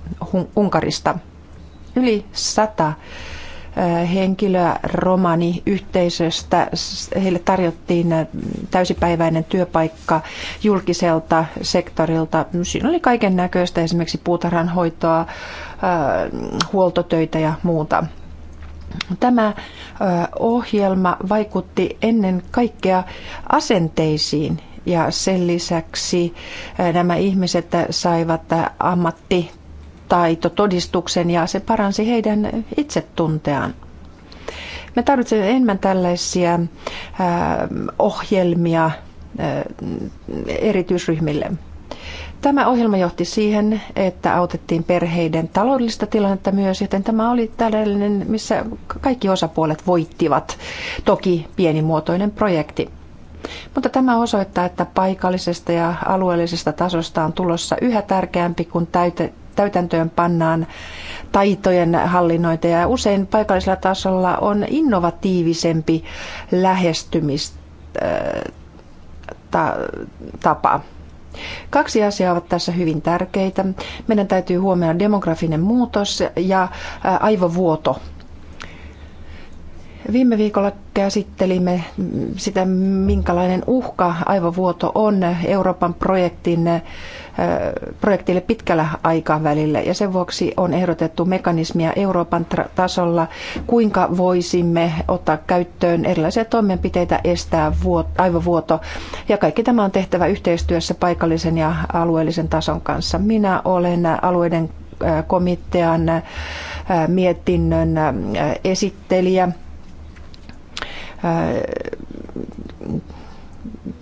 Speaker 3: Unkarista. Yli sata henkilöä romani yhteisöstä. Heille tarjottiin täysipäiväinen työpaikka julkiselta sektorilta. Siinä oli kaiken näköistä, esimerkiksi puutarhanhoitoa, huoltotöitä ja muuta. Tämä ohjelma vaikutti ennen kaikkea asenteisiin ja sen lisäksi eh, nämä ihmiset saivat ammattitaitotodistuksen ja se paransi heidän itsetunteaan. Me tarvitsemme enemmän tällaisia eh, ohjelmia eh, erityisryhmille. Tämä ohjelma johti siihen, että autettiin perheiden taloudellista tilannetta myös, joten tämä oli tällainen, missä kaikki osapuolet voittivat. Toki pienimuotoinen projekti. Mutta tämä osoittaa, että paikallisesta ja alueellisesta tasosta on tulossa yhä tärkeämpi, kun täyte, täytäntöön pannaan taitojen hallinnointia. Ja usein paikallisella tasolla on innovatiivisempi lähestymistapa. Äh, Kaksi asiaa ovat tässä hyvin tärkeitä. Meidän täytyy huomioida demografinen muutos ja äh, aivovuoto Viime viikolla käsittelimme sitä, minkälainen uhka aivovuoto on Euroopan projektin, projektille pitkällä aikavälillä. Ja sen vuoksi on ehdotettu mekanismia Euroopan tasolla, kuinka voisimme ottaa käyttöön erilaisia toimenpiteitä estää aivovuoto. Ja kaikki tämä on tehtävä yhteistyössä paikallisen ja alueellisen tason kanssa. Minä olen alueiden komitean mietinnön esittelijä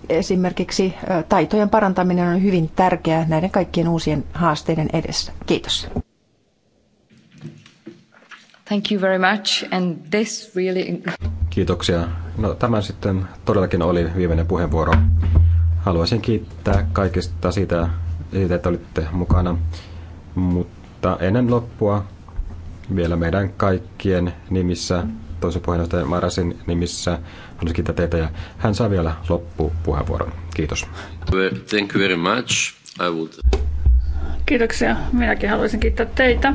Speaker 3: esimerkiksi taitojen parantaminen on hyvin tärkeää näiden kaikkien uusien haasteiden edessä. Kiitos.
Speaker 1: Thank you very much. And this really...
Speaker 2: Kiitoksia. No, tämä sitten todellakin oli viimeinen puheenvuoro. Haluaisin kiittää kaikista siitä, siitä että olitte mukana. Mutta ennen loppua vielä meidän kaikkien nimissä toisen puheenjohtajan Marasin nimissä. Haluaisin kiittää teitä ja hän saa vielä loppupuheenvuoron. Kiitos.
Speaker 1: Thank you very much. I would...
Speaker 4: Kiitoksia. Minäkin haluaisin kiittää teitä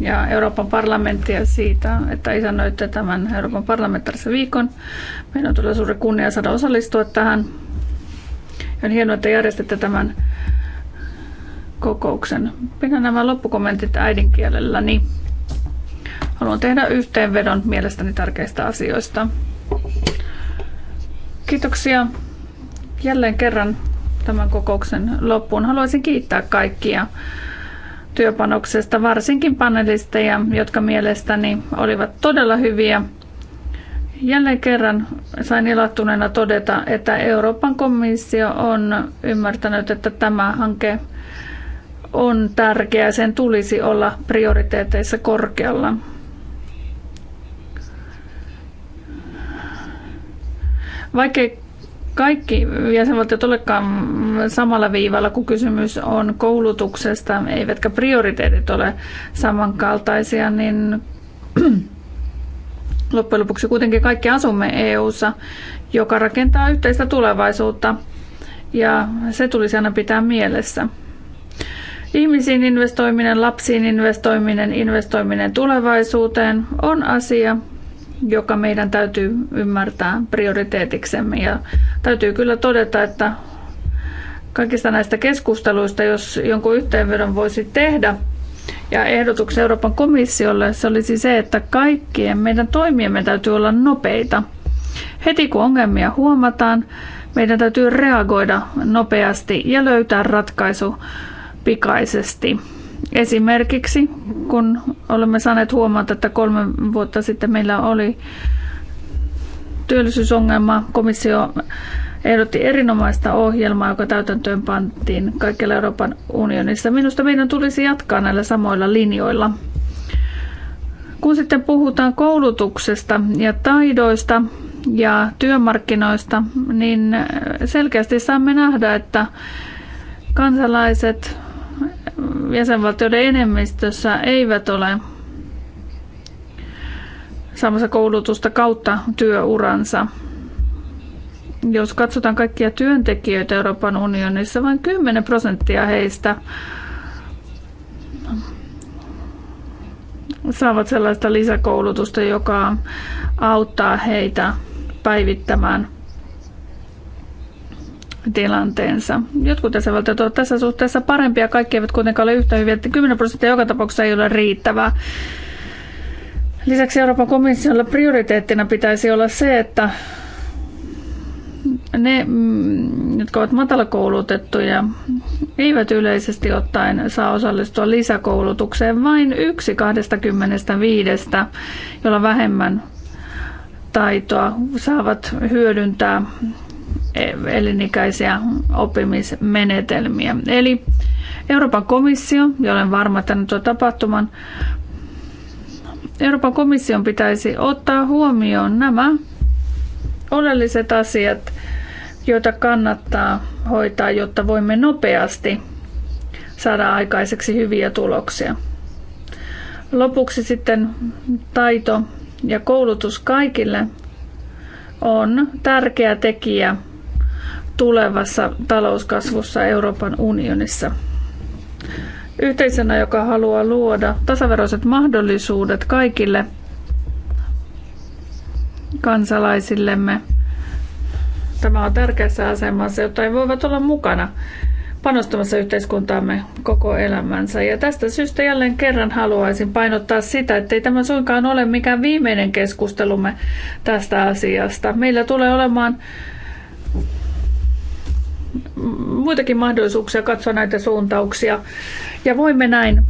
Speaker 4: ja Euroopan parlamenttia siitä, että isännöitte tämän Euroopan parlamentaarisen viikon. Meillä on todella suuri kunnia saada osallistua tähän. On hienoa, että järjestätte tämän kokouksen. Pidän nämä loppukommentit äidinkielelläni. Niin Haluan tehdä yhteenvedon mielestäni tärkeistä asioista. Kiitoksia jälleen kerran tämän kokouksen loppuun. Haluaisin kiittää kaikkia työpanoksesta, varsinkin panelisteja, jotka mielestäni olivat todella hyviä. Jälleen kerran sain ilahtuneena todeta, että Euroopan komissio on ymmärtänyt, että tämä hanke on tärkeä ja sen tulisi olla prioriteeteissa korkealla. Vaikkei kaikki jäsenvaltiot olekaan samalla viivalla, kun kysymys on koulutuksesta, eivätkä prioriteetit ole samankaltaisia, niin loppujen lopuksi kuitenkin kaikki asumme EU:ssa, joka rakentaa yhteistä tulevaisuutta ja se tulisi aina pitää mielessä. Ihmisiin investoiminen, lapsiin investoiminen, investoiminen tulevaisuuteen on asia, joka meidän täytyy ymmärtää prioriteetiksemme. Ja täytyy kyllä todeta, että kaikista näistä keskusteluista, jos jonkun yhteenvedon voisi tehdä, ja ehdotuksen Euroopan komissiolle se olisi se, että kaikkien meidän toimiemme täytyy olla nopeita. Heti kun ongelmia huomataan, meidän täytyy reagoida nopeasti ja löytää ratkaisu pikaisesti. Esimerkiksi kun olemme saaneet huomata, että kolme vuotta sitten meillä oli työllisyysongelma, komissio ehdotti erinomaista ohjelmaa, joka täytäntöön pantiin kaikkialla Euroopan unionissa. Minusta meidän tulisi jatkaa näillä samoilla linjoilla. Kun sitten puhutaan koulutuksesta ja taidoista ja työmarkkinoista, niin selkeästi saamme nähdä, että kansalaiset jäsenvaltioiden enemmistössä eivät ole saamassa koulutusta kautta työuransa. Jos katsotaan kaikkia työntekijöitä Euroopan unionissa, vain 10 prosenttia heistä saavat sellaista lisäkoulutusta, joka auttaa heitä päivittämään tilanteensa. Jotkut jäsenvaltiot ovat tässä suhteessa parempia, kaikki eivät kuitenkaan ole yhtä hyviä, että 10 prosenttia joka tapauksessa ei ole riittävää. Lisäksi Euroopan komissiolla prioriteettina pitäisi olla se, että ne, mm, jotka ovat matalakoulutettuja, eivät yleisesti ottaen saa osallistua lisäkoulutukseen vain yksi 25, jolla vähemmän taitoa saavat hyödyntää elinikäisiä oppimismenetelmiä. Eli Euroopan komissio, ja olen varma, että nyt on tapahtuman, Euroopan komission pitäisi ottaa huomioon nämä oleelliset asiat, joita kannattaa hoitaa, jotta voimme nopeasti saada aikaiseksi hyviä tuloksia. Lopuksi sitten taito ja koulutus kaikille on tärkeä tekijä tulevassa talouskasvussa Euroopan unionissa. Yhteisönä, joka haluaa luoda tasaveroiset mahdollisuudet kaikille kansalaisillemme. Tämä on tärkeässä asemassa, jotta he voivat olla mukana panostamassa yhteiskuntaamme koko elämänsä. Ja tästä syystä jälleen kerran haluaisin painottaa sitä, että ei tämä suinkaan ole mikään viimeinen keskustelumme tästä asiasta. Meillä tulee olemaan muitakin mahdollisuuksia katsoa näitä suuntauksia. Ja voimme näin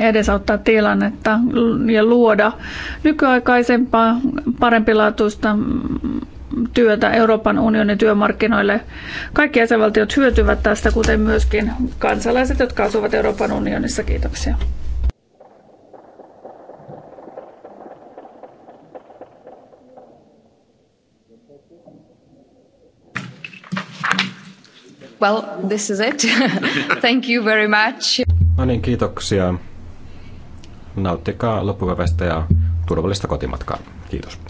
Speaker 4: edesauttaa tilannetta ja luoda nykyaikaisempaa, parempilaatuista työtä Euroopan unionin työmarkkinoille. Kaikki jäsenvaltiot hyötyvät tästä, kuten myöskin kansalaiset, jotka asuvat Euroopan unionissa. Kiitoksia.
Speaker 1: Well, this is it. Thank you very much.
Speaker 2: No niin, kiitoksia. Nauttikaa loppupäivästä ja turvallista kotimatkaa. Kiitos.